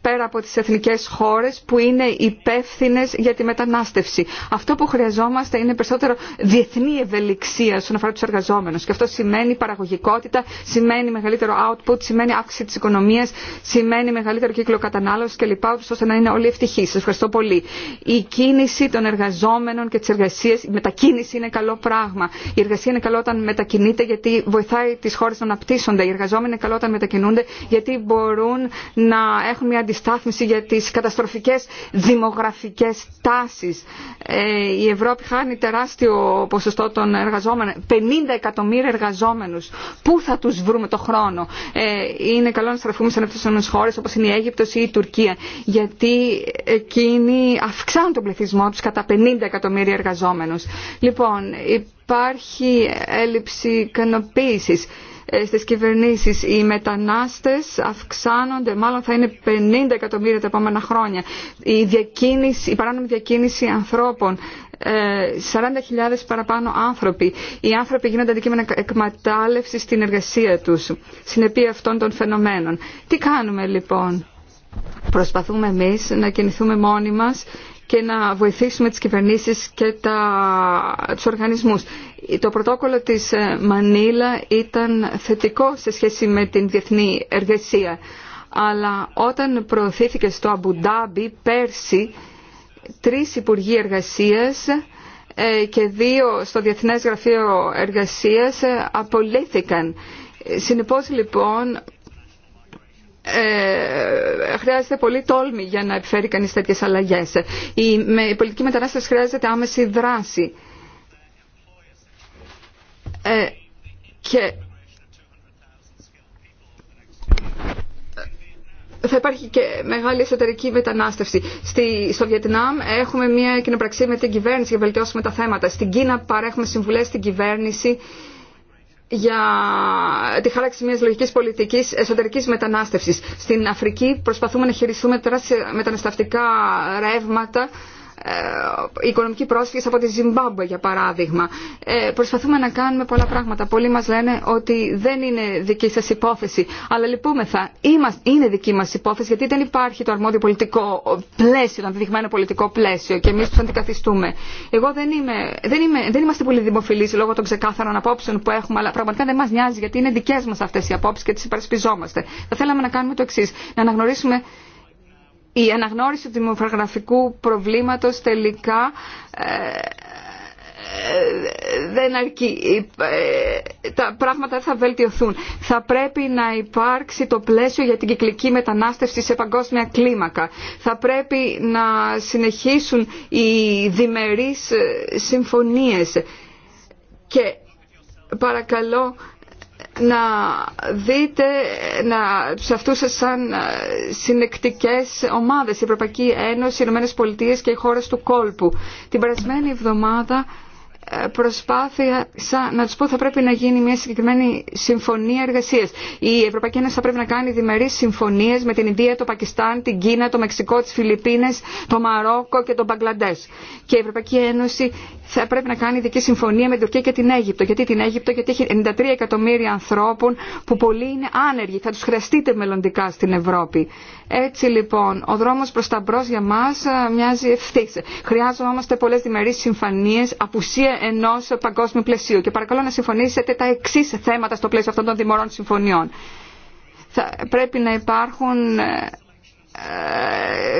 S2: πέρα από τις εθνικές χώρες που είναι υπεύθυνε για τη μετανάστευση. Αυτό που χρειαζόμαστε είναι περισσότερο διεθνή ευελιξία στον αφορά τους εργαζόμενους και αυτό σημαίνει παραγωγικότητα, σημαίνει μεγαλύτερο output, σημαίνει αύξηση της οικονομίας, σημαίνει μεγαλύτερο κύκλο κατανάλωσης κλπ. ώστε να είναι όλοι ευτυχείς. Σας ευχαριστώ πολύ. Η κίνηση των εργαζόμενων και της εργασίας, η μετακίνηση είναι καλό πράγμα. Η εργασία είναι καλό όταν μετακινείται γιατί βοηθάει τις χώρες να αναπτύσσονται. Οι εργαζόμενοι είναι καλό όταν μετακινούνται γιατί μπορούν να έχουν μια αντιστάθμιση για τις καταστροφικές δημογραφικές τάσεις. Ε, η Ευρώπη χάνει τεράστιο ποσοστό των εργαζόμενων, 50 εκατομμύρια εργαζόμενους. Πού θα τους βρούμε το χρόνο. Ε, είναι καλό να στραφούμε σε τις χώρες όπως είναι η Αίγυπτος ή η Τουρκία, γιατί εκείνοι αυξάνουν τον πληθυσμό τους κατά 50 εκατομμύρια εργαζόμενους. Λοιπόν, υπάρχει έλλειψη ικανοποίηση ε, στις κυβερνήσεις. Οι μετανάστες αυξάνονται, μάλλον θα είναι 50 εκατομμύρια τα επόμενα χρόνια. Η, διακίνηση, η παράνομη διακίνηση ανθρώπων 40.000 ε, παραπάνω άνθρωποι. Οι άνθρωποι γίνονται αντικείμενα εκμετάλλευση στην εργασία τους, συνεπή αυτών των φαινομένων. Τι κάνουμε λοιπόν. Προσπαθούμε εμείς να κινηθούμε μόνοι μας και να βοηθήσουμε τις κυβερνήσεις και τα, τους οργανισμούς. Το πρωτόκολλο της ε, Μανίλα ήταν θετικό σε σχέση με την διεθνή εργασία. Αλλά όταν προωθήθηκε στο Αμπουντάμπι πέρσι, τρεις Υπουργοί Εργασίας ε, και δύο στο Διεθνές Γραφείο Εργασίας ε, απολύθηκαν. Συνεπώς λοιπόν χρειάζεται πολύ τόλμη για να επιφέρει κανείς τέτοιες αλλαγές. Η, η πολιτική μετανάστευση χρειάζεται άμεση δράση. Ε, και θα υπάρχει και μεγάλη εσωτερική μετανάστευση. Στη, στο Βιετνάμ έχουμε μια κοινοπραξία με την κυβέρνηση για να βελτιώσουμε τα θέματα. Στην Κίνα παρέχουμε συμβουλές στην κυβέρνηση για τη χάραξη μιας λογικής πολιτικής εσωτερικής μετανάστευσης. Στην Αφρική προσπαθούμε να χειριστούμε τεράστια μεταναστευτικά ρεύματα οι ε, οικονομικοί πρόσφυγες από τη Ζιμπάμπουε για παράδειγμα. Ε, προσπαθούμε να κάνουμε πολλά πράγματα. Πολλοί μας λένε ότι δεν είναι δική σας υπόθεση. Αλλά λυπούμεθα, είμαστε, είναι δική μας υπόθεση γιατί δεν υπάρχει το αρμόδιο πολιτικό πλαίσιο, το αντιδειγμένο πολιτικό πλαίσιο και εμείς τους αντικαθιστούμε. Εγώ δεν, είμαι, δεν, είμαι, δεν είμαστε πολύ δημοφιλείς λόγω των ξεκάθαρων απόψεων που έχουμε, αλλά πραγματικά δεν μας νοιάζει γιατί είναι δικές μας αυτές οι απόψεις και τις υπερασπιζόμαστε. Θα θέλαμε να κάνουμε το εξή, να αναγνωρίσουμε η αναγνώριση του δημοφραγραφικού προβλήματος τελικά ε, ε, δεν αρκεί. Ε, τα πράγματα δεν θα βελτιωθούν. Θα πρέπει να υπάρξει το πλαίσιο για την κυκλική μετανάστευση σε παγκόσμια κλίμακα. Θα πρέπει να συνεχίσουν οι διμερείς συμφωνίες. Και παρακαλώ να δείτε να, σε αυτούς σαν ε, συνεκτικές ομάδες η Ευρωπαϊκή Ένωση, οι Ηνωμένες Πολιτείες και οι χώρες του κόλπου. Την περασμένη εβδομάδα προσπάθησα να του πω θα πρέπει να γίνει μια συγκεκριμένη συμφωνία εργασία. Η Ευρωπαϊκή Ένωση θα πρέπει να κάνει διμερείς συμφωνίε με την Ινδία, το Πακιστάν, την Κίνα, το Μεξικό, τις Φιλιππίνες, το Μαρόκο και τον Μπαγκλαντές. Και η Ευρωπαϊκή Ένωση θα πρέπει να κάνει ειδική συμφωνία με την Τουρκία και την Αίγυπτο. Γιατί την Αίγυπτο, γιατί έχει 93 εκατομμύρια ανθρώπων που πολλοί είναι άνεργοι. Θα του χρειαστείτε μελλοντικά στην Ευρώπη. Έτσι λοιπόν, ο δρόμος προς τα μπρό για μας μοιάζει ευθύς. Χρειάζομαστε πολλές διμερεί συμφωνίες, απουσία ενός παγκόσμιου πλαισίου. Και παρακαλώ να συμφωνήσετε τα εξή θέματα στο πλαίσιο αυτών των δημορών συμφωνιών. Θα πρέπει να υπάρχουν ε,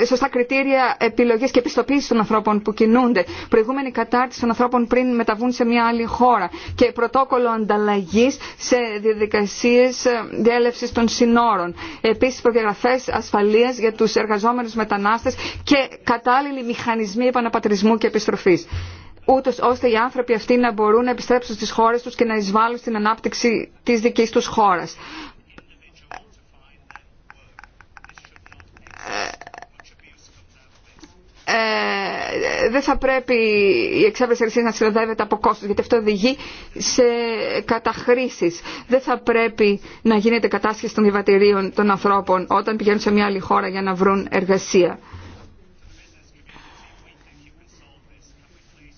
S2: ε, σωστά κριτήρια επιλογή και επιστοποίηση των ανθρώπων που κινούνται, προηγούμενη κατάρτιση των ανθρώπων πριν μεταβούν σε μια άλλη χώρα και πρωτόκολλο ανταλλαγή σε διαδικασίε ε, διέλευση των συνόρων. επίση προδιαγραφέ, ασφαλεία για του εργαζόμενου μετανάστε και κατάλληλοι μηχανισμοί επαναπατρισμού και επιστροφή, ούτως ώστε οι άνθρωποι αυτοί να μπορούν να επιστρέψουν στις χώρες τους και να εισβάλλουν στην ανάπτυξη της δικής τους χώρας. Ε, δεν θα πρέπει η εξάπλωση εργασία να συνοδεύεται από κόστος, γιατί αυτό οδηγεί σε καταχρήσεις. Δεν θα πρέπει να γίνεται κατάσχεση των διαβατηρίων των ανθρώπων όταν πηγαίνουν σε μια άλλη χώρα για να βρουν εργασία.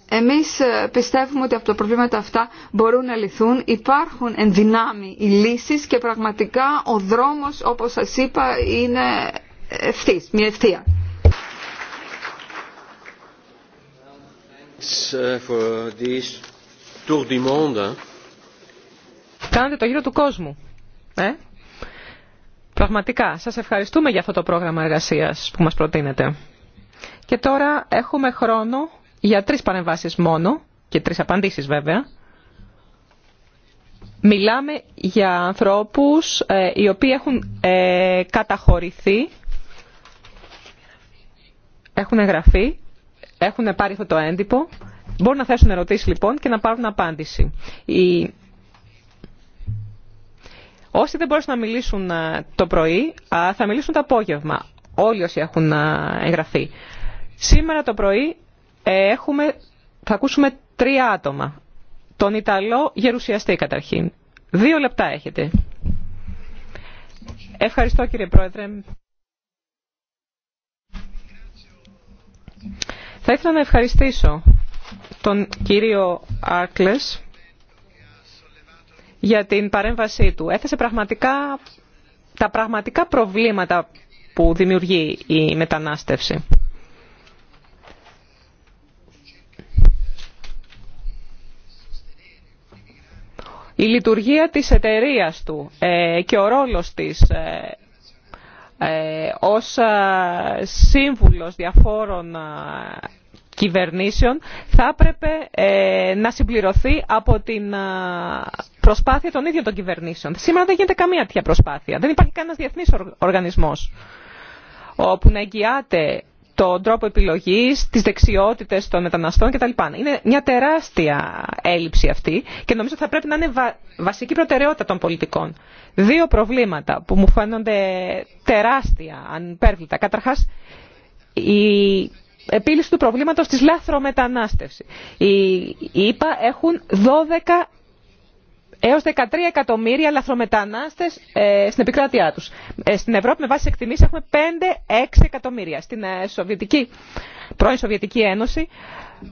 S2: Εμείς πιστεύουμε ότι από τα προβλήματα αυτά μπορούν να λυθούν. Υπάρχουν εν δυνάμει οι λύσεις και πραγματικά ο δρόμος, όπως σας είπα, είναι ευθύς, μια ευθεία. Uh,
S3: το γύρο του κόσμου. Ε? Πραγματικά, σας ευχαριστούμε για αυτό το πρόγραμμα εργασίας που μας προτείνετε. Και τώρα έχουμε χρόνο για τρεις παρεμβάσεις μόνο και τρεις απαντήσεις βέβαια. Μιλάμε για ανθρώπους ε, οι οποίοι έχουν ε, καταχωρηθεί, έχουν εγγραφεί έχουν πάρει αυτό το έντυπο, μπορούν να θέσουν ερωτήσεις λοιπόν και να πάρουν απάντηση. Οι... Όσοι δεν μπορέσουν να μιλήσουν το πρωί, θα μιλήσουν το απόγευμα. Όλοι όσοι έχουν εγγραφεί. Σήμερα το πρωί ε, έχουμε, θα ακούσουμε τρία άτομα. Τον Ιταλό γερουσιαστή καταρχήν. Δύο λεπτά έχετε. Ευχαριστώ κύριε Πρόεδρε. Θα ήθελα να ευχαριστήσω τον κύριο Άρκλες για την παρέμβασή του. Έθεσε πραγματικά τα πραγματικά προβλήματα που δημιουργεί η μετανάστευση. Η λειτουργία της εταιρείας του ε, και ο ρόλος της ε, ε, ως ε, σύμβουλος διαφόρων ε, κυβερνήσεων θα έπρεπε να συμπληρωθεί από την προσπάθεια των ίδιων των κυβερνήσεων. Σήμερα δεν γίνεται καμία τέτοια προσπάθεια. Δεν υπάρχει κανένας διεθνής οργανισμός όπου να εγγυάται τον τρόπο επιλογής, τις δεξιότητες των μεταναστών κτλ. Είναι μια τεράστια έλλειψη αυτή και νομίζω ότι θα πρέπει να είναι βασική προτεραιότητα των πολιτικών. Δύο προβλήματα που μου φαίνονται τεράστια, ανυπέρβλητα. Καταρχά η επίλυση του προβλήματος της λάθρομετανάστευση. Οι ΙΠΑ έχουν 12 έως 13 εκατομμύρια λαθρομετανάστες ε, στην επικράτειά τους. Ε, στην Ευρώπη με βάση εκτιμήσεις έχουμε 5-6 εκατομμύρια. Στην ε, Σοβιετική, πρώην Σοβιετική Ένωση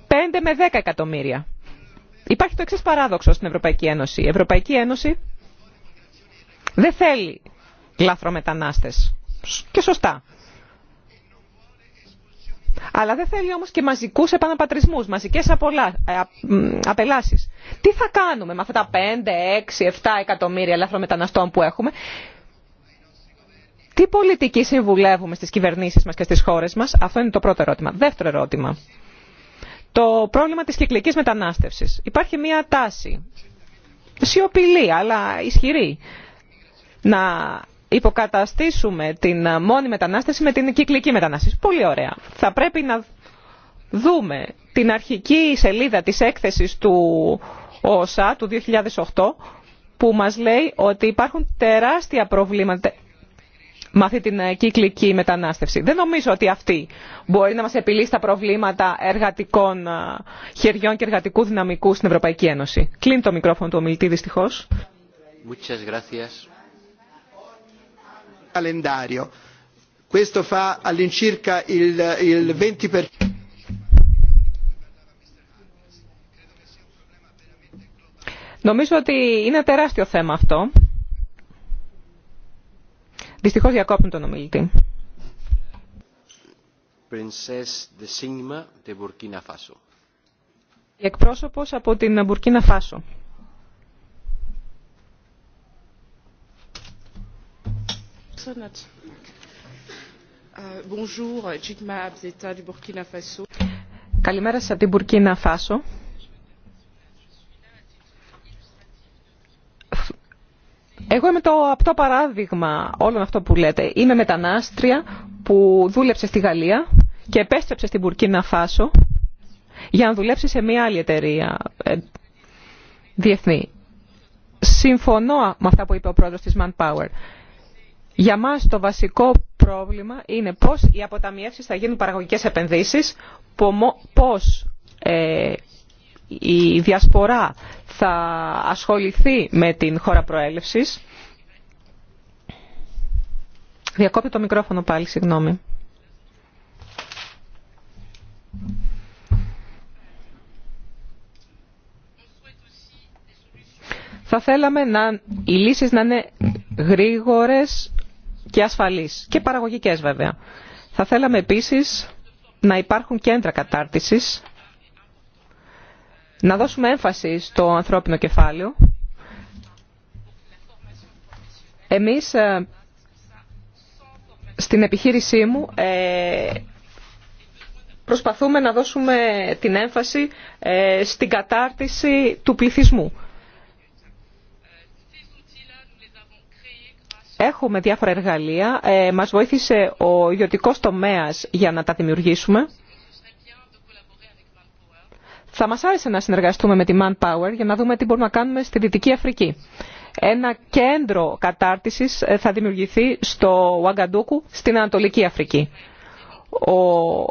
S3: 5 με 10 εκατομμύρια. Υπάρχει το εξή παράδοξο στην Ευρωπαϊκή Ένωση. Η Ευρωπαϊκή Ένωση δεν θέλει λαθρομετανάστες. Και σωστά. Αλλά δεν θέλει όμως και μαζικούς επαναπατρισμούς, μαζικές απελάσει. απελάσεις. Τι θα κάνουμε με αυτά τα 5, 6, 7 εκατομμύρια μεταναστών που έχουμε. Τι πολιτική συμβουλεύουμε στις κυβερνήσεις μας και στις χώρες μας. Αυτό είναι το πρώτο ερώτημα. Δεύτερο ερώτημα. Το πρόβλημα της κυκλικής μετανάστευσης. Υπάρχει μία τάση, σιωπηλή αλλά ισχυρή, να υποκαταστήσουμε την ε, μόνη μετανάστευση με την κυκλική μετανάστευση. Πολύ ωραία. Θα πρέπει να δούμε την αρχική σελίδα της έκθεσης του ΟΣΑ του 2008 που μας λέει ότι υπάρχουν τεράστια προβλήματα με αυτή την ε, κυκλική μετανάστευση. Δεν νομίζω ότι αυτή μπορεί να μας επιλύσει τα προβλήματα εργατικών ε, χεριών και εργατικού δυναμικού στην Ευρωπαϊκή Ένωση. Κλείνει το μικρόφωνο του ομιλητή δυστυχώς
S1: calendario. Questo fa all'incirca
S3: il 20%. Νομίζω ότι είναι τεράστιο θέμα αυτό. Δυστυχώς διακόπτουν τον ομιλητή. Η εκπρόσωπος από την Μπουρκίνα Φάσο. Euh, Καλημέρα σας από την Μπουρκίνα Φάσο. Εγώ είμαι το απτό παράδειγμα όλων αυτό που λέτε. Είμαι μετανάστρια που δούλεψε στη Γαλλία και επέστρεψε στην Μπουρκίνα Φάσο για να δουλέψει σε μια άλλη εταιρεία ε, διεθνή. Συμφωνώ με αυτά που είπε ο πρόεδρος της Manpower. Για μας το βασικό πρόβλημα είναι πώς οι αποταμιεύσεις θα γίνουν παραγωγικές επενδύσεις, πώς ε, η διασπορά θα ασχοληθεί με την χώρα προέλευσης. Διακόπτω το μικρόφωνο πάλι, συγγνώμη. Θα θέλαμε να, οι λύσεις να είναι γρήγορες, και ασφαλείς και παραγωγικές βέβαια. Θα θέλαμε επίσης να υπάρχουν κέντρα κατάρτισης, να δώσουμε έμφαση στο ανθρώπινο κεφάλαιο. Εμείς ε, στην επιχείρησή μου ε, προσπαθούμε να δώσουμε την έμφαση ε, στην κατάρτιση του πληθυσμού Έχουμε διάφορα εργαλεία. Ε, μας βοήθησε ο ιδιωτικό τομέας για να τα δημιουργήσουμε. Θα μας άρεσε να συνεργαστούμε με τη Manpower για να δούμε τι μπορούμε να κάνουμε στη Δυτική Αφρική. Ένα κέντρο κατάρτισης ε, θα δημιουργηθεί στο Ουαγκαντούκου στην Ανατολική Αφρική. Ο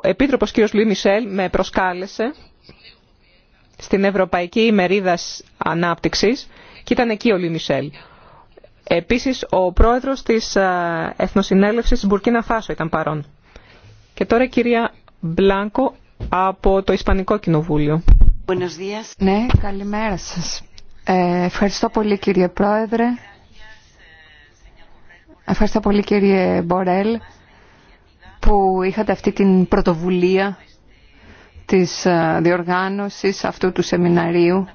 S3: Επίτροπος κ. Λουί με προσκάλεσε στην Ευρωπαϊκή Μερίδα Ανάπτυξης και ήταν εκεί ο Λουί Επίσης, ο πρόεδρος της ε, Εθνοσυνέλευσης Μπουρκίνα Φάσο ήταν παρόν. Και τώρα κυρία Μπλάνκο από το Ισπανικό Κοινοβούλιο. Ναι,
S2: καλημέρα σας. Ε, ευχαριστώ πολύ κύριε Πρόεδρε. Ευχαριστώ πολύ κύριε Μπορέλ που είχατε αυτή την πρωτοβουλία της ε, διοργάνωσης αυτού του σεμιναρίου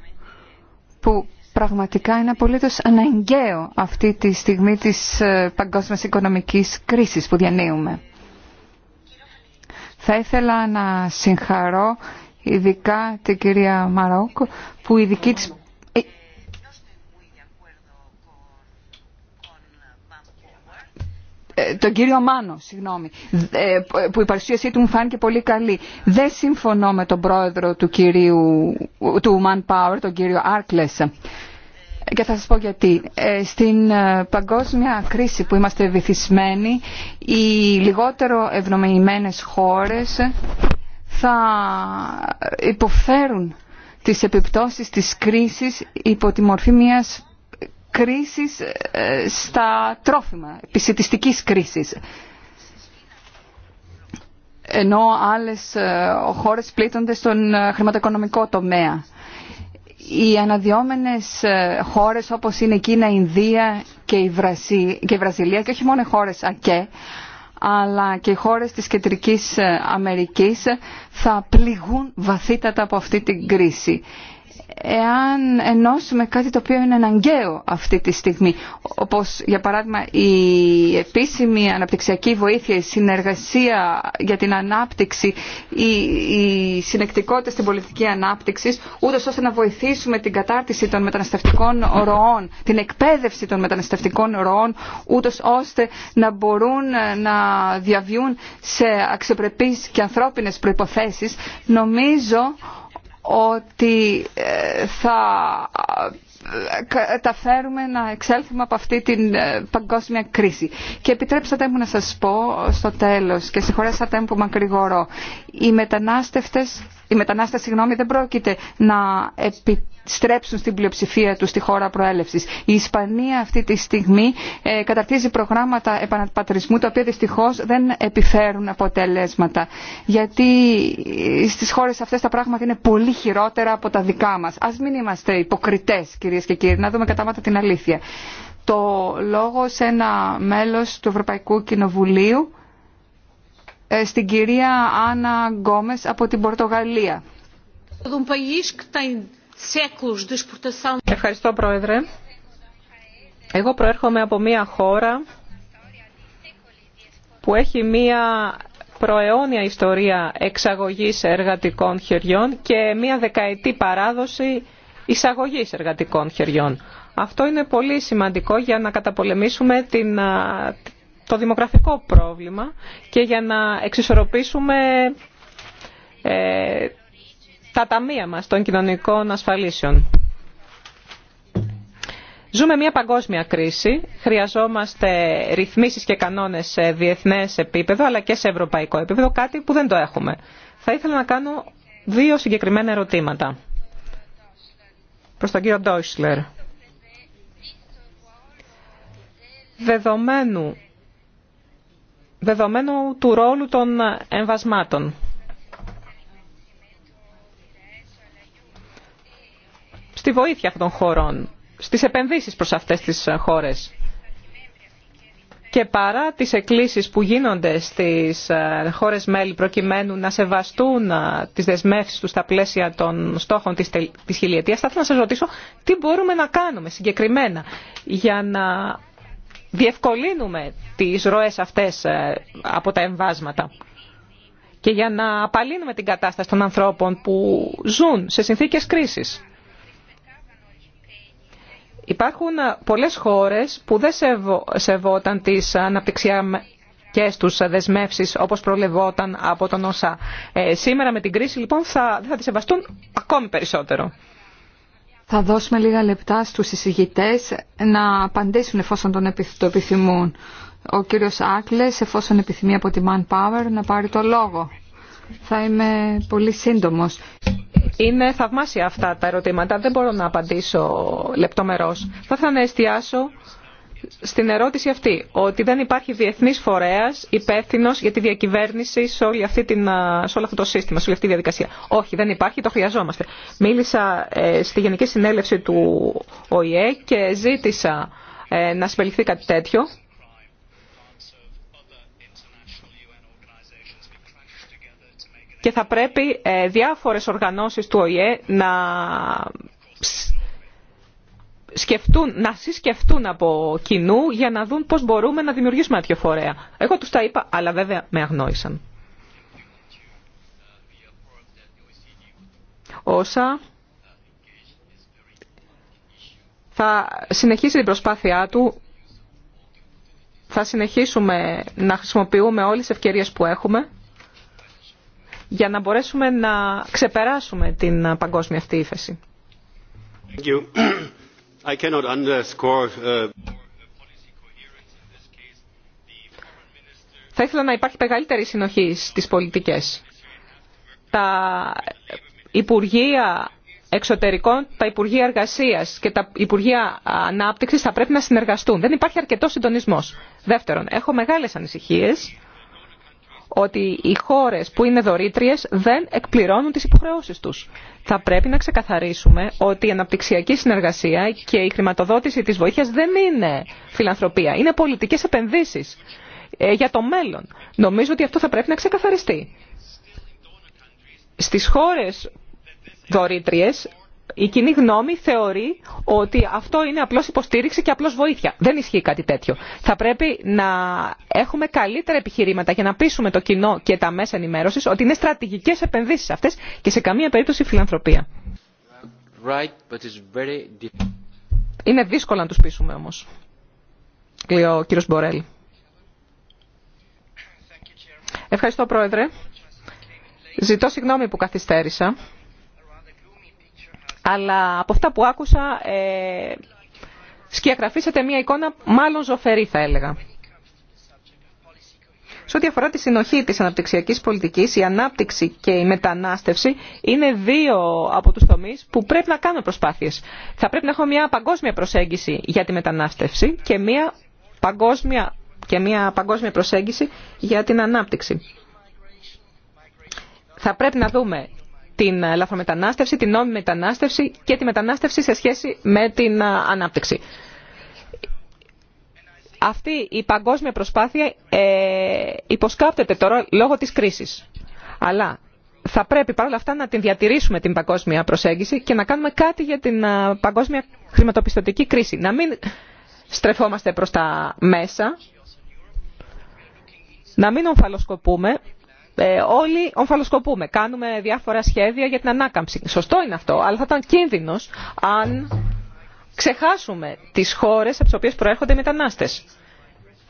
S2: που πραγματικά είναι απολύτως αναγκαίο αυτή τη στιγμή της ε, παγκόσμιας οικονομικής κρίσης που διανύουμε. Θα ήθελα να συγχαρώ ειδικά την κυρία Μαρόκ που η δική της Ε, τον κύριο Μάνο, συγγνώμη, ε, που η παρουσίασή του μου φάνηκε πολύ καλή. Δεν συμφωνώ με τον πρόεδρο του, κυρίου, του Manpower, τον κύριο Άρκλες. Και θα σας πω γιατί. Ε, στην παγκόσμια κρίση που είμαστε βυθισμένοι, οι λιγότερο ευνοημένες χώρες θα υποφέρουν τις επιπτώσεις της κρίσης υπό τη μορφή μιας κρίσης ε, στα τρόφιμα, επισητιστικής κρίσης. Ενώ άλλες ε, χώρες πλήττονται στον ε, χρηματοοικονομικό τομέα. Οι αναδιόμενες χώρες όπως είναι η Κίνα, η Ινδία και η, και η Βραζιλία και όχι μόνο οι χώρες ΑΚΕ, αλλά και οι χώρες της Κεντρικής Αμερικής θα πληγούν βαθύτατα από αυτή την κρίση εάν ενώσουμε κάτι το οποίο είναι αναγκαίο αυτή τη στιγμή, όπως για παράδειγμα η επίσημη αναπτυξιακή βοήθεια, η συνεργασία για την ανάπτυξη, η, συνεκτικότητα στην πολιτική ανάπτυξη, ούτω ώστε να βοηθήσουμε την κατάρτιση των μεταναστευτικών ροών, την εκπαίδευση των μεταναστευτικών ροών, ούτω ώστε να μπορούν να διαβιούν σε αξιοπρεπείς και ανθρώπινες προϋποθέσεις, νομίζω ότι ε, θα ε, καταφέρουμε να εξέλθουμε από αυτή την ε, παγκόσμια κρίση. Και επιτρέψατε μου να σας πω στο τέλος και συγχωρέσατε μου που μακρηγορώ. Οι μετανάστευτες οι μετανάστες συγγνώμη, δεν πρόκειται να επιστρέψουν στην πλειοψηφία τους στη χώρα προέλευσης. Η Ισπανία αυτή τη στιγμή ε, καταρτίζει προγράμματα επαναπατρισμού τα οποία δυστυχώς δεν επιφέρουν αποτελέσματα. Γιατί ε, στις χώρες αυτές τα πράγματα είναι πολύ χειρότερα από τα δικά μας. Ας μην είμαστε υποκριτές κυρίες και κύριοι, να δούμε κατάματα την αλήθεια. Το λόγο σε ένα μέλος του Ευρωπαϊκού Κοινοβουλίου ε, στην κυρία Άννα Γκόμες από την Πορτογαλία.
S3: Ευχαριστώ Πρόεδρε. Εγώ προέρχομαι από μια χώρα που έχει μια προαιώνια ιστορία εξαγωγής εργατικών χεριών και μια δεκαετή παράδοση εισαγωγής εργατικών χεριών. Αυτό είναι πολύ σημαντικό για να καταπολεμήσουμε την, το δημογραφικό πρόβλημα και για να εξισορροπήσουμε ε, τα ταμεία μας των κοινωνικών ασφαλίσεων. Ζούμε μια παγκόσμια κρίση. Χρειαζόμαστε ρυθμίσεις και κανόνες σε διεθνές επίπεδο αλλά και σε ευρωπαϊκό επίπεδο, κάτι που δεν το έχουμε. Θα ήθελα να κάνω δύο συγκεκριμένα ερωτήματα προς τον κύριο Ντόισλερ. Δεδομένου δεδομένου του ρόλου των εμβασμάτων. Στη βοήθεια αυτών των χωρών, στις επενδύσεις προς αυτές τις χώρες. Και παρά τις εκκλήσεις που γίνονται στις ε, χώρες μέλη προκειμένου να σεβαστούν ε, τις δεσμεύσεις τους στα πλαίσια των στόχων της χιλιετίας, θα ήθελα να σας ρωτήσω τι μπορούμε να κάνουμε συγκεκριμένα για να διευκολύνουμε τις ροές αυτές ε, από τα εμβάσματα και για να απαλύνουμε την κατάσταση των ανθρώπων που ζουν σε συνθήκες κρίσης. Υπάρχουν ε, πολλές χώρες που δεν σεβόταν τις αναπτυξιακές τους δεσμεύσεις όπως προλεβόταν από τον ΩΣΑ. Ε, σήμερα με την κρίση λοιπόν θα, θα τις σεβαστούν ακόμη περισσότερο.
S2: Θα δώσουμε λίγα λεπτά στους εισηγητές να απαντήσουν εφόσον τον το επιθυμούν. Ο κύριος Άκλες, εφόσον επιθυμεί από τη Manpower, να πάρει το λόγο.
S3: Θα είμαι πολύ σύντομος. Είναι θαυμάσια αυτά τα ερωτήματα. Δεν μπορώ να απαντήσω λεπτομερώς. Θα ήθελα να εστιάσω στην ερώτηση αυτή, ότι δεν υπάρχει διεθνής φορέας υπεύθυνο για τη διακυβέρνηση σε, αυτή την, όλο αυτό το σύστημα, σε όλη αυτή τη διαδικασία. Όχι, δεν υπάρχει, το χρειαζόμαστε. Μίλησα ε, στη Γενική Συνέλευση του ΟΗΕ και ζήτησα ε, να συμπεριληφθεί κάτι τέτοιο. Και θα πρέπει ε, διάφορες οργανώσεις του ΟΗΕ να σκεφτούν, να συσκεφτούν από κοινού για να δουν πώς μπορούμε να δημιουργήσουμε τέτοιο φορέα. Εγώ τους τα είπα, αλλά βέβαια με αγνόησαν. Όσα θα συνεχίσει την προσπάθειά του, θα συνεχίσουμε να χρησιμοποιούμε όλες τις ευκαιρίες που έχουμε για να μπορέσουμε να ξεπεράσουμε την παγκόσμια αυτή ύφεση.
S2: Thank Uh,
S3: θα ήθελα να υπάρχει μεγαλύτερη συνοχή στις πολιτικές. Τα Υπουργεία Εξωτερικών, τα Υπουργεία Εργασίας και τα Υπουργεία Ανάπτυξης θα πρέπει να συνεργαστούν. Δεν υπάρχει αρκετό συντονισμός. Δεύτερον, έχω μεγάλες ανησυχίες ότι οι χώρες που είναι δωρήτριες δεν εκπληρώνουν τις υποχρεώσεις τους. Θα πρέπει να ξεκαθαρίσουμε ότι η αναπτυξιακή συνεργασία και η χρηματοδότηση της βοήθειας δεν είναι φιλανθρωπία, είναι πολιτικές επενδύσεις ε, για το μέλλον. Νομίζω ότι αυτό θα πρέπει να ξεκαθαριστεί. Στις χώρες δωρήτριες η κοινή γνώμη θεωρεί ότι αυτό είναι απλώς υποστήριξη και απλώς βοήθεια. Δεν ισχύει κάτι τέτοιο. Θα πρέπει να έχουμε καλύτερα επιχειρήματα για να πείσουμε το κοινό και τα μέσα ενημέρωσης ότι είναι στρατηγικές επενδύσεις αυτές και σε καμία περίπτωση φιλανθρωπία. Είναι δύσκολο να τους πείσουμε όμως, λέει ο κύριος Μπορέλ. Ευχαριστώ Πρόεδρε. Ζητώ συγγνώμη που καθυστέρησα. Αλλά από αυτά που άκουσα ε, σκιαγραφίσατε μια εικόνα μάλλον ζωφερή θα έλεγα. Σε ό,τι αφορά τη συνοχή της αναπτυξιακής πολιτικής, η ανάπτυξη και η μετανάστευση είναι δύο από τους τομείς που πρέπει να κάνουμε προσπάθειες. Θα πρέπει να έχω μια παγκόσμια προσέγγιση για τη μετανάστευση και μια παγκόσμια, και μια παγκόσμια προσέγγιση για την ανάπτυξη. Θα πρέπει να δούμε την ελαφρομετανάστευση, την νόμιμη μετανάστευση και τη μετανάστευση σε σχέση με την ε, ανάπτυξη. Αυτή η παγκόσμια προσπάθεια ε, υποσκάπτεται τώρα λόγω της κρίσης. Αλλά θα πρέπει παρόλα αυτά να την διατηρήσουμε την παγκόσμια προσέγγιση και να κάνουμε κάτι για την ε, παγκόσμια χρηματοπιστωτική κρίση. Να μην στρεφόμαστε προς τα μέσα, να μην ομφαλοσκοπούμε ε, όλοι ομφαλοσκοπούμε, κάνουμε διάφορα σχέδια για την ανάκαμψη. Σωστό είναι αυτό, αλλά θα ήταν κίνδυνος αν ξεχάσουμε τις χώρε από τις οποίες προέρχονται οι μετανάστες.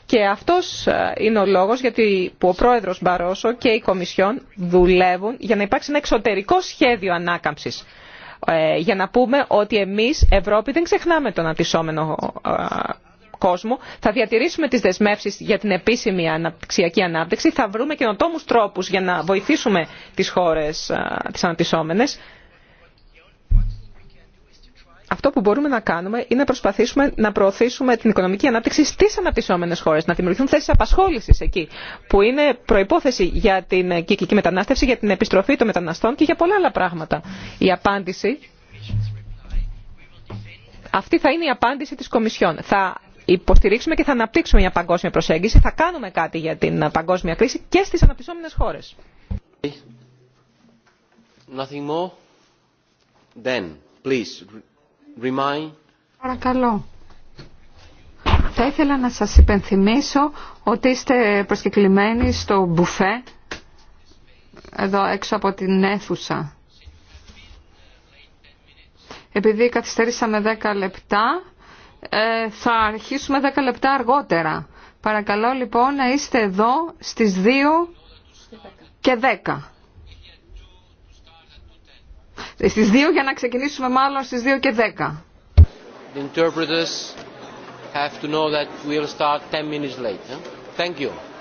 S3: Και αυτός ε, είναι ο λόγος γιατί που ο πρόεδρος Μπαρόσο και η Κομισιόν δουλεύουν για να υπάρξει ένα εξωτερικό σχέδιο ανάκαμψης. Ε, για να πούμε ότι εμείς Ευρώπη δεν ξεχνάμε τον αντισόμενο κόσμου, θα διατηρήσουμε τι δεσμεύσει για την επίσημη αναπτυξιακή ανάπτυξη, θα βρούμε καινοτόμου τρόπου για να βοηθήσουμε τι χώρε τι αναπτυσσόμενε. Αυτό που μπορούμε να κάνουμε είναι να προσπαθήσουμε να προωθήσουμε την οικονομική ανάπτυξη στι αναπτυσσόμενε χώρε, να δημιουργηθούν θέσει απασχόληση εκεί, που είναι προπόθεση για την κυκλική μετανάστευση, για την επιστροφή των μεταναστών και για πολλά άλλα πράγματα. Η απάντηση αυτή θα είναι η απάντηση της Κομισιόν. Θα υποστηρίξουμε και θα αναπτύξουμε μια παγκόσμια προσέγγιση. Θα κάνουμε κάτι για την παγκόσμια κρίση και στις αναπτυσσόμενες χώρες.
S2: Παρακαλώ. Θα ήθελα να σας υπενθυμίσω ότι είστε προσκεκλημένοι στο μπουφέ εδώ έξω από την αίθουσα. Επειδή καθυστερήσαμε 10 λεπτά, ε, θα αρχίσουμε 10 λεπτά αργότερα. Παρακαλώ λοιπόν να είστε εδώ στις 2 και 10. Στις 2 για να ξεκινήσουμε μάλλον στις 2 και 10.
S3: The interpreters have to know that we'll start
S1: 10 minutes late. Thank you.